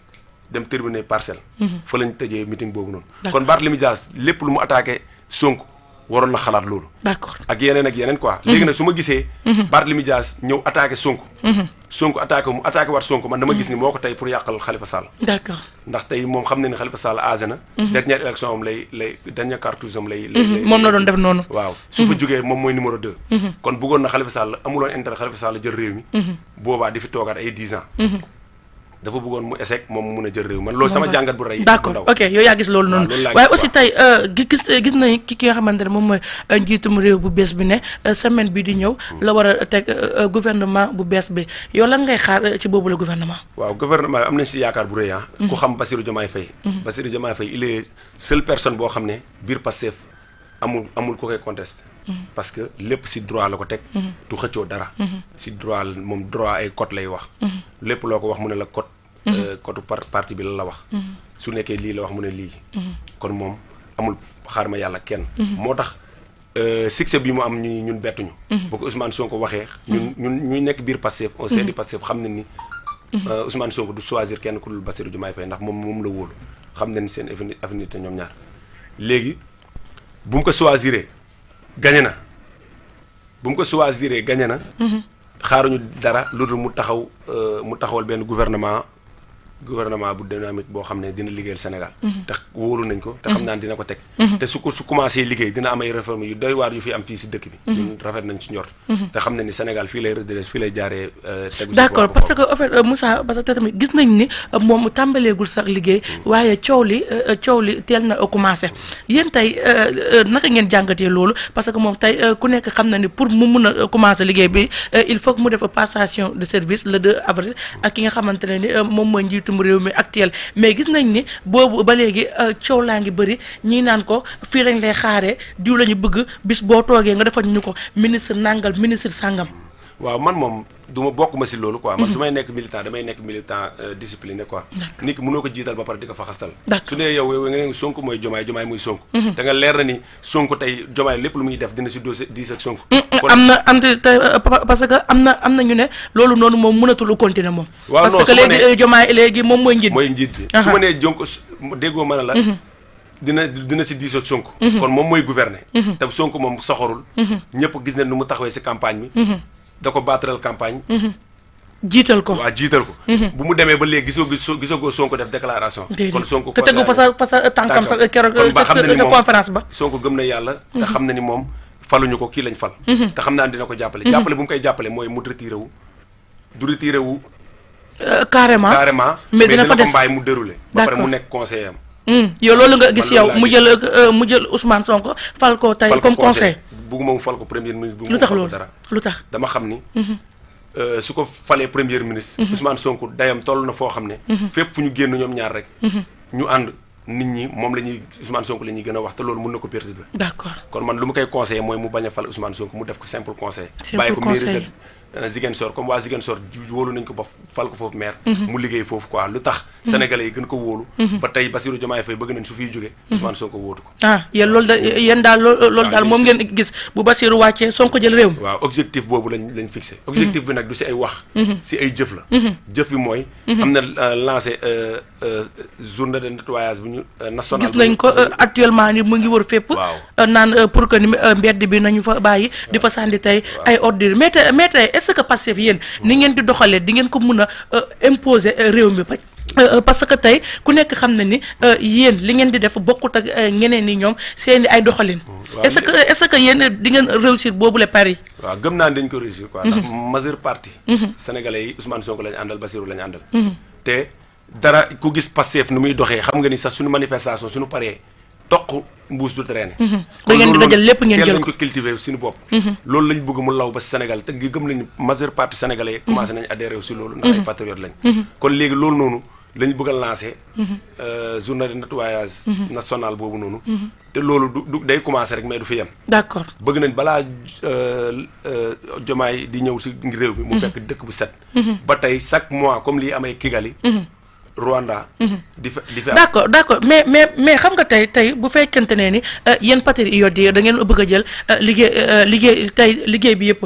dem terminer parcelle. Mhm. fa lañ tëjee meeting boobu noonu. kon Barthélémy Dias lépp lu mu attaqué Sonko waroon na xalaat loolu. d'accord ak yeneen ak yeneen quoi. Mhm. léegi nag su ma gisee. Mhm. Barthélémy Dias ñëw attaqué Sonko. Sonko attaqué mu attaqué waat Sonko man dama gis ni moo ko tey pour yàqal Khalifa Sall. d'accord ndax tey moom xam na ne Khalifa Sall aase na. dernière élection am lay dernier cartouche am lay. lay moom la doon def noonu. waaw su fa jógee moom mooy dafa bëggoon mu échec moom mun a jël réew man loolu sama jàngat bu rëy. d'accord ok yow yaa gis loolu noonu. waaye aussi tey euh, gis gis nañ ki ki nga xamante ne moom mooy euh, njiitum réew bu bees euh, semaine bi di ñëw. Hmm. la war a teg gouvernement bu bees bi yow lan ngay xaar ci boobu la gouvernement. waaw gouvernement am nañ si yaakaar bu rëy ah. Hmm. ku xam Bassirou Diomaye Faye. Hmm. Bassirou Diomaye Faye il est seule personne boo xam ne biir Pastef amul amul ku koy conteste parce que lépp ci droit la ko teg. du xëccoo dara. ci droit moom droit ay code lay wax. lépp loo ko wax mu ne la code. Euh, mhm. côté par parti bi la la wax. Mhm. su nekkee lii la wax mu ne lii. Mhm. kon moom amul xaar ma yàlla kenn. moo tax euh, succès bi mu am ñu ñun bettuñu. bu ko Ousmane ko waxee. ñun ñun ñuy nekk biir Pastef. on sait di Pastef xam nañ ni. Euh, Ousmane Sonko du choisir kenn ku dul Bassirou Diomaye Faye ndax moom moom la wóolu xam nañ seen affinité te ñoom ñaar léegi bu mu ko choisiree gañe na bu mu ko choisiree gañe na. xaaruñu dara lu dul mu taxaw mu taxawal benn gouvernement. gouvernement bu dynamique boo a ne dina liggéeyal Sénégal. Mhm. te wóolu nañ ko. te xam naa dina ko teg. Mhm. te su ko su commencé ngeen jàngatee loolu parce que moom tey euh, ku nekk xam na ni pour mu mun a euh, commencé liggéey bi euh, il faut mu def passation de service le 2 avril ak ki nga xamante ni moom mooy njiit bitum réew mi actuelle mais gis nañ ni boobu ba léegi euh, coow laa ngi bëri ñii naan ko fii lañ lay xaaree diw la ñu bëgg bis boo toogee nga defal ñu ko ministre nangal ministre sàngam waaw man moom du ma bokk ma si loolu quoi. man mhm. su may nekk militant damay nekk militant euh, discipliné quoi. nit ki ko jiital ba pare di ko fa xastal. su dee yow yow nga ne Sonko mooy jomaay jomaay mooy da nga leer na ni Sonko tey jomaay léegi moom mooy njiit. su ma nee jonko déggoo mën a la. Mhm. dina dina si diisoo ak mhm. kon moom mooy gouverner. te Sonko moom soxorul. ñëpp gis nañ nu mu taxawee si campagne bi. da ko baataral campagne. Mhm. jiital ko waaw jiital ko. Mhm. bu mu demee ba léegi gisoo gisoo Sonko def déclaration. kon Sonko te tegu fa sa fa ba. na yàlla. te mhm. xam na ni moom faluñu ko kii lañ fal. te xam naa dina ko jàppale. jàppale bu mu koy jàppale mooy mu retiré wu. du retiré wu. Euh, carrément carrément. mais dina ko bàyyi mu déroulé. ba pare mu nekk conseiller am. Hmm. yow loolu nga gis yow euh, mu jël mu Sonko fal ko tey comme conseil bugguma mu fal ko premier ministre. bugguma mu fal ko dara lu tax dama xam ni. Mhm. Euh, su ko falee premier ministre. Mhm. Ousmane Sonko dayam toll na foo xam ne. Mhm. fépp fu ñu génn ñoom ñaar rek. ñu ànd nit ñi moom la ñuy Ousmane Sonko gën a wax te loolu mun na ko perturber. d'accord kon man lu ma koy conseillé mooy mu bañ a fal Ousmane Sonko mu def ko simple conseil. bàyyi ko mairie Euh, Ziguinchor comme waa Ziguinchor wóolu nañ ko ba fal ko foofu maire mhm. mu liggéey foofu quoi lu tax mhm. sénégalais yi gën ko wóolu mhm. ba tey Bassirou Diomaye Faye bëgg nañ su fiy jógee Ousmane Sonko wóotu ko ah yéen loolu da yéen daal loolu ah, daal moom ngeen gis bu Bassirou wàccee Sonko jël réew mi waaw objectif boobu lañ lañ objectif bi nag du si ay wax si ay jëf la jëf bi mooy am na euh, lancé euh, Euh, journée de nettoyage bu ñu euh, gis nañ ko euh, actuellement ni mu ngi war fépp naan pour que ni mbedd bi nañu fa bàyyi di fa sànni tey ay ordures mais tey mais tey est-ce que Pastef yéen ni ngeen di doxalee di ngeen ko mun a imposer réew mi ba parce que tey ku nekk xam na ni yéen li ngeen di def bokkut ak ñeneen yi ñoom seeni ay doxalin est-ce que est-ce que yéen di ngeen réussir boobu pari waaw gëm naa dañ ko réussir quoi mhm. ndax majeure partie mhm. sénégalais yi Ousmane Sonko lañu àndal Bassirou lañu àndal mhm. dara ku gis Pastef nu muy doxee xam nga ni sax suñu manifestation suñu paree toq mbuus du traîner. Mhm. da ngeen di dajal lépp ngeen jël ko cultiver suñu bopp. Mhm. loolu lañ bëgg mu law ba Sénégal te gi gëm nañu majeure partie sénégalais. Mhm. commencé nañ adhéré si loolu. ndax ay patriotes lañ. kon léegi loolu noonu lañ bëgg a lancé. Euh, journée de nettoyage. national boobu noonu. te loolu du day commencé rek mais du fi yem. d'accord bëgg nañ balaa jomaay euh, euh, di ñëw si réew mi. mu fekk dëkk bu set. ba tey Rwanda. Mhm. di fa d' accord mais mais mais xam nga tey tey bu fekkente ne ni euh, yéen patrie yoddi da ngeen bëgg a jël euh, liggéey euh, liggéey tey liggéey bi yëpp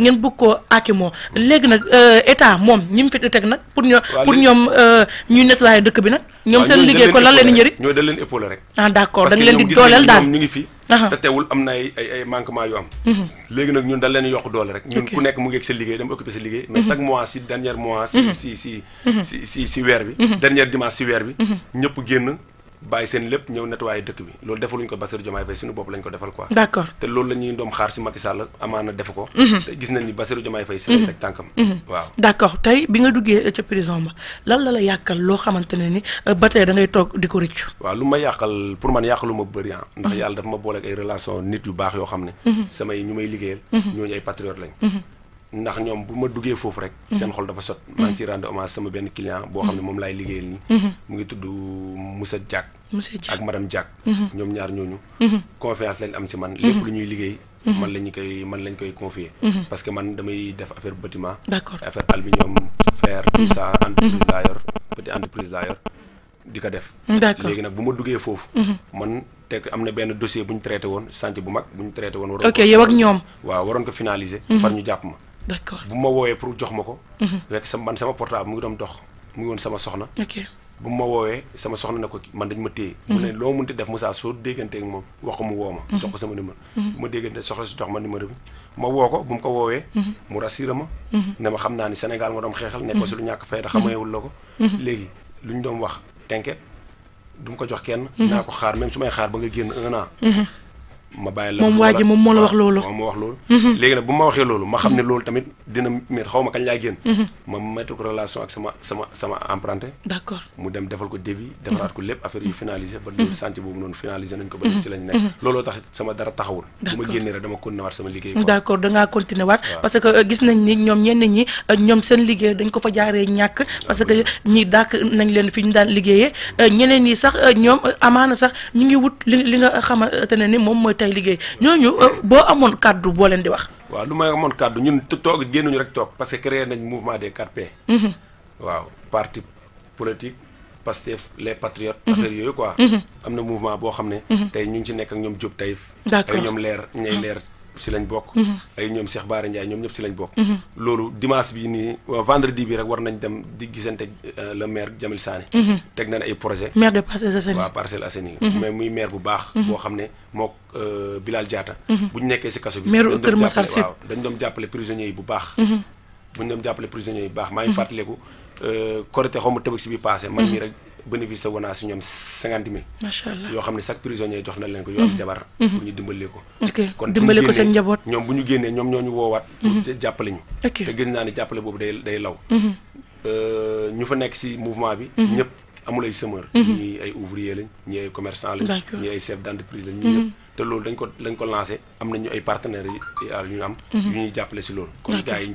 ngeen bëgg koo aakimoo léegi nag état moom ñi mu fi teg nag pour ñoom ñuy nettoyer dëkk bi nag. ñoom seen liggéey ko lan leen di ñoo da leen épaulé rek. ah d' accord leen di dooleel daal te teewul am na ay ay manquement yu am mhm. léegi nag ñun dañ leen yokk doole rek ñun ku nekk mu ngi sa liggéey dama occupé sa liggéey mais mhm. chaque mois si dernier mois si mhm. si si si si weer bi dernier dimanche si weer bi ñëpp génn bàyyi seen lépp ñëw nettoyé dëkk bi loolu defaluñ ko Bassirou Diomaye Faye suñu bopp lañ ko defal quoi. d'accord te loolu la ñuy doom xaar si Macky Sall amaana def ko. Mhm. gis nañ ni Bassirou Diomaye si lañ mhm. teg tànkam. Mhm. waaw d'accord tey bi nga duggee euh, ca prison ba lan la la yàqal loo xamante ni euh, ba tey da ngay toog di ko rëccu. waaw lu ma yàqal pour man yàqalu ma bëri ah. ndax yàlla dafa ma booleeg ay relation nit yu baax yoo xam ne. samay ñu may liggéeyal. ñooñu ay patriote ndax ñom bu ma duggé fofu rek mhm. seen xol dafa sot mhm. man ci ciy rendre hommage sama ben client bo xamni mom mhm. lay liggéeyal ni mu ngi tuddu Moussa Diak ak madame Diak ñom ñaar ñooñu confiance lañ am ci man lepp lu ñuy liggéey man lañ koy man lañ koy confier parce que man damay def affaire bâtiment affaire aluminium fer tout ça entreprise d'ailleurs petite entreprise d'ailleurs yor di ko def légui nak bu ma duggé fofu man tek amna ben dossier buñ traité won santé bu mag buñ traité won waroon ok yow ak ñom wa waron ko finaliser par ñu japp ma d'accord bu ma wooyee pour jox ma ko. rek mhm. sama man sama portable mu ngi doon dox mu ngi woon sama soxna. ok bu ma woowee sama soxna ne ko man dañ ma téye. mu ne mhm. loo mënti def Moussa soo déggante ak moom wax ko mu woo ma. Mhm. jox ko sama numéro. bu ma déggante soxla si jox ma numéro bi ma woo ko bu mu ko woowee. mu rassuré ma. ne ma xam naa ni Sénégal nga doon xeexal. nekkoon si lu ñàkk fayda xameewul la ko. léegi lu ñu doon wax tënket du mu ko jox kenn. naa ko xaar ma bàyyi la moom waa ji moom moo la wax loolu waaw moo wax loolu mhm. léegi nag bu ma waxee loolu ma xam ne mhm. loolu tamit dina met xaw ma kañ laay génn mhm. ma mettre ko relation ak sama sama sama d'accord mu dem defal ko début defaraat ko lépp affaire yu finalisé ba loolu santé boobu noonu finalisé nañ ko ba si lañ nekk looloo tax sama dara taxawul d'accord dangaa continuer waat parce que euh, gis nañ ni ñoom ñenn ñi euh, ñoom seen liggéey dañ ko fa jaaree ñàkk parce que tey liggéey ñooñu euh, boo amoon kàddu boo leen di wax. waaw lu may amoon kàddu ñun toog génnuñu rek toog parce que créé mouvement des 4P. Mm-hmm. waaw parti politique Pastef les patriotes. Mm-hmm. affaire yooyu quoi. Mm-hmm. am na mouvement boo xam ne. tey ñu ngi ci nekk ñoom Diop Taïf. d'accord ñoom leer ñay leer. si lañ bokk. Mhm. ay ñoom Cheikh Baara Ndiaye ñoom ñëpp si lañ bokk. Mhm. loolu dimanche bi nii vendredi bi rek war nañ dem di gisante euh, le maire Jamil Sané. Mhm. teg nañ ay projet maire de Parcelles Assainies waaw Parcelles Assainies. mais muy maire bu baax. boo xam ne mook euh, Bilal Diatta. bu ñu nekkee si kaso bi. maire Kër dañ doon jàppale prisonniers yi bu baax. maa ngi fàttaliku. Euh, Korité xaw ma Tabaski bi paase. man mii rek. bénéficié woon naa si ñoom cinquante mille. macha allah yoo xam ne chaque prisonnier jox na leen ko. yoo am mhm. jabar. Mhm. pour ñu dimbalee ko. kon dimbale ko seen njaboot ñoom bu ñu génnee ñoom ñoo ñu woowaat. Mhm. jàppale ñu. te gis naa ne jàppale boobu day law. Euh, ñu fa nekk si mouvement bi. ñëpp amul ay semeur. ñii ay ouvrier lañ ñii ay commerçant lañ. ñii ay chef d' entreprise lañ. ñii ñëpp te loolu dañ ko dañ ko lancé am nañu ay partenaires yu ñu am. yu ñuy jàppale si loolu. kon gars yi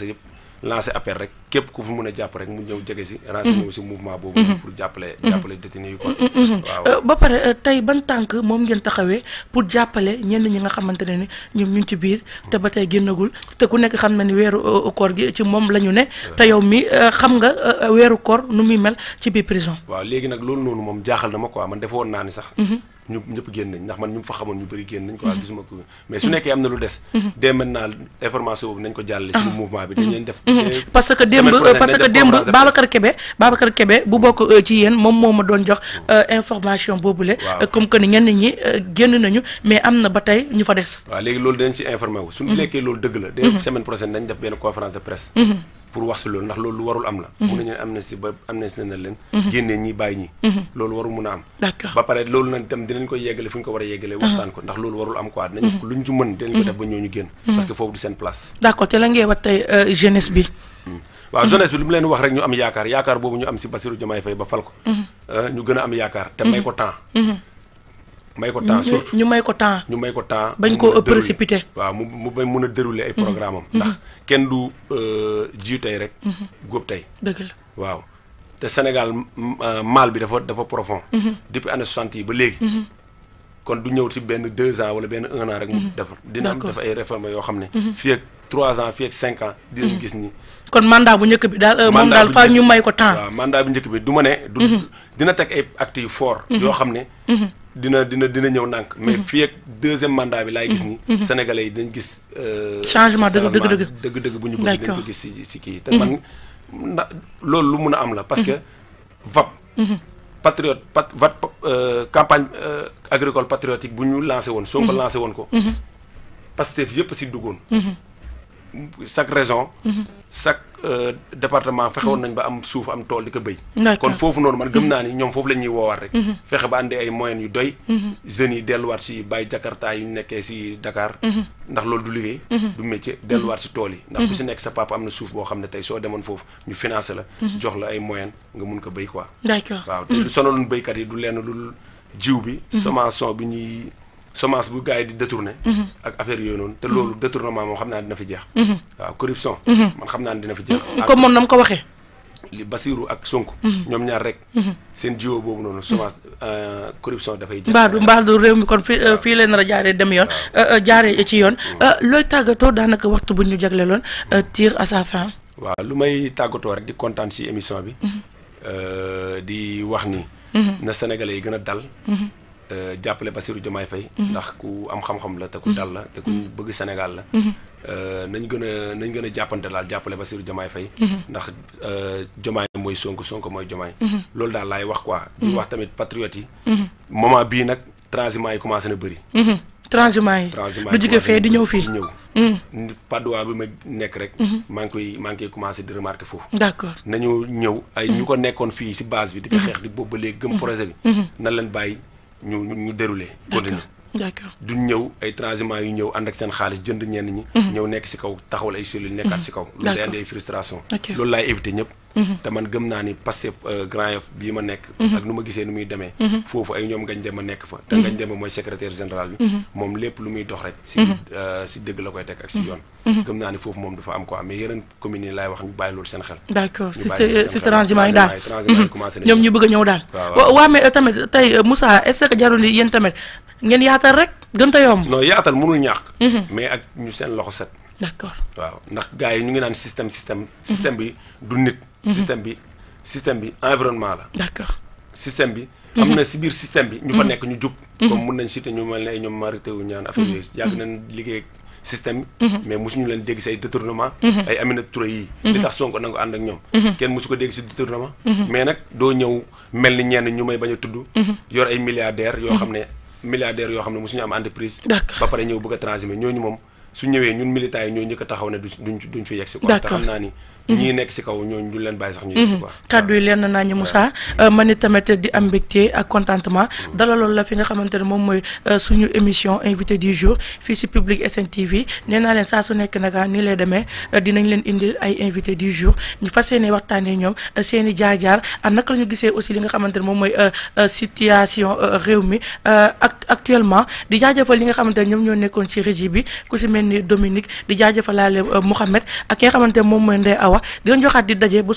xëy la hace a perrec képp ku mun a jàpp rek mu ñëw jege si renseigné wu si mouvement boobu pour jàppale jàppale détenu yu ko waaw euh, ba pare euh, tey ban tànk moom ngeen taxawee pour jàppale ñenn ñi nga xamante ne ni ñoom ñu ngi ci biir te ba tey génnagul te ku nekk xam na ni weeru euh, koor gi ci moom la ñu ne te yow mi xam nga weeru koor nu muy mel ci biir prison waaw léegi nag loolu noonu mu mm-hmm. fa xamoon ñu bëri génn nañ quoi mm-hmm. gisuma ko mais su mm-hmm. nekkee am na lu des dès maintenant information boobu nañ ko jàllale si ah. mouvement bi dañ def parce que démb euh, parce que démb Babacar Kébé Babacar Kébé bu bok euh, ci yeen mom moma don jox euh, information boobule. comme que ni ñen ñi génn nañu mais amna batay ñu fa dess wa léegi lool dañ ci informer wu. suñu mhm. lekkee lool deug la. dès mhm. semaine prochaine dañ def benn conférence de presse. Mhm. pour wax si lool ndax lool lu warul am la. mu ñu am ci si ci na si ne leen. génnee ñi bay ñi. lool waru mëna am. d'accord ba paré lool nag tam dinañ ko yéggalé fuñ ko wara yéggalé yeggale. waxtaan ko ndax lool warul am quoi. dinañ ko luñ ci mën dinañ ko def ba ñu génn. parce que fofu du sen place. d'accord té la ngey wax jeunesse bi. waaw jeunesse bi lu mu leen wax rek ñu am yaakaar yaakaar boobu ñu am si Bassirou Diomaye Faye ba fal ko. Mhm. Euh, ñu gën a am yaakaar te may ko temps. Mhm. Mhm. may ko temps surtout ñu may ko temps. ñu may ko temps bañ koo précipité. waaw mu mu bañ mun a dérouler ay programme am. ndax kenn du euh, jiw tey rek. góob tey. dëgg la waaw te Sénégal euh, mal bi dafa dafa profond. depuis année soixante yi ba léegi. kon du ñëw si benn deux ans wala benn un an rek. mu defar dina am dafa ay réformes yoo xam ne. fii ak trois ans fii ak cinq ans. dinañ gis ni. kon mandat bu ñëk bi daal euh, mom daal fa ñu may ko temps mandat bu ñëk bi duma né mhm. dina tek ay acte yu fort mhm. yo xamné mhm. dina dina dina ñëw nank mais fi ak deuxième mandat bi lay gis ni sénégalais yi dañ gis euh, changement deug deug deug deug deug bu ñu bëgg dañ ko gis ci ki té man loolu lu mëna am la parce que vap patriote pat, vat, euh, campagne agricole patriotique bu ñu lancé won ko lancé won ko pastef yépp ci duggoon chaque raison. Mhm. chaque euh, département fexe woon mhm. nañ ba am souf am tool di ko kon fofu non man gëm mhm. na ni ñom fofu la ñuy woowaat rek. fexé ba andi ay moyens yu doy. jeunes yi wat ci bay jakarta yu nekké ci Dakar. ndax loolu du liggé du métier delluwaat si tool yi. ndax bu ci nekk sa papa am na suuf boo xam ne tey soo demoon ñu financé la. jox la ay moyens nga mën ko beuy quoi. d'accord waaw te lu sonaloon béykat yi du lenn lu jiw bi. semence bi ñuy. semence bu gars yi di détourné mhm. ak affaire yooyu noonu te mhm. loolu détournement moom xam naa dina fi jeex mhm. corruption man xam naa dina fi jeex comme moom na ko waxee li Basiru ak Sonko ñoom ñaar rek seen jiwo boobu noonu semence euh, corruption dafay jeex mbaadu mbaadu réew mi kon euh, fii fii leen nar a jaaree dem yoon euh, jaaree ci yoon looy tàggatoo daanaka waxtu bu ñu jagleloon tir à sa fin waaw lu may tàggatoo rek di kontaan si émission bi di wax ni na sénégalais yi gën a dal Euh, jàppale Bassirou Diomaye Faye mhm. ndax ku am xam-xam la te ku mhm. dal la te ku mhm. bëgg Sénégal la euh, nañ gën a nañ gën a jàppante daal jàppale Bassirou Diomaye Faye ndax euh, Diomaye mooy Sonko Sonko mooy Diomaye loolu daal laay wax quoi di wax tamit patriote yi moment bii nag transhumance yi commencé na bëri transhumance yi transhumance lu jóge fee di ñëw fii ñëw paduwaa bi ma nekk rek maa ngi koy maa ngi di remarquer foofu d'accord nañu ñëw ay ñu ko nekkoon fii si base bi di ñu ñu déroulé. continué d'accord duñ ñëw ay transhumants yu ñëw ànd ak seen xaalis jënd ñenn ñi. Mhm. ñëw nekk si kaw taxawal ay cellules nekkaat si mhm. kaw. loolu day andi ay frustration. loolu laay éviter ñëpp. Mm-hmm. te man gëm naa ni passé euh, Grand Yoff bi ma nekk mm-hmm. ak nu ma gisee nu muy demee mm-hmm. foofu ay ñoom gañ dema nekk fa te gañ dema mooy secrétaire général bi moom lépp lu muy dox rek si euh, si dëgg la koy teg ak si yoon gëm naa ni foofu moom dafa am quoi mais yeneen commune yi laay wax ñu bàyyi loolu seen xel d'accord si transiment yi daal ñoom ñu bëgg a ñëw daal waaw mais euh, tamit tey Moussa est-ce que jarul yéen tamit ngeen yaatal rek gën ta yomb non yaatal mënul ñàkk mais ak ñu seen loxo set d'accord waaw ndax gars yi ñu ngi naan système système système bi du nit Mhm. système bi système bi environnement la. d'accord système bi. Mhm. am na si biir système bi. ñu fa mhm. nekk ñu jub. comme mun nañ citer ñu mel ne ay ñoom marité yi. li tax Sonko nangu ànd ak ñoom. kenn mosu ko dégg si détournement. mais nag doo ñëw mel ni ñenn ñu may bañ a tudd. yor ay milliardaires yoo xam ne milliardaires yoo xam ne mosuñu am entreprise. ba pare ñëw bëgg a transmettre ñooñu moom su ñëwee ñun militants yi ñoo taxaw ne duñ duñ fi yegg si. d'accord kon ñii nekk si kaw ñooñu du leen bàyyi sax ñu yegg si mhm. quoi kàddu yi leen naa ñu Moussa euh, man ni tamit di am mbégte ak contentement dalaloon la fi nga xamante moom mooy euh, suñu émission i ah, euh, jaar-jaar ak naka di jaajëfal li nga xamante ne ñoom ñoo nekkoon ci régie bi ku si mel ni Dominique di jaajëfalaale mois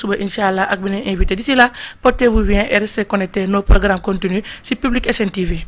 vous leen vous vous d'ici là portez-vous bien et restez nos programmes contenus sur Public SNTV.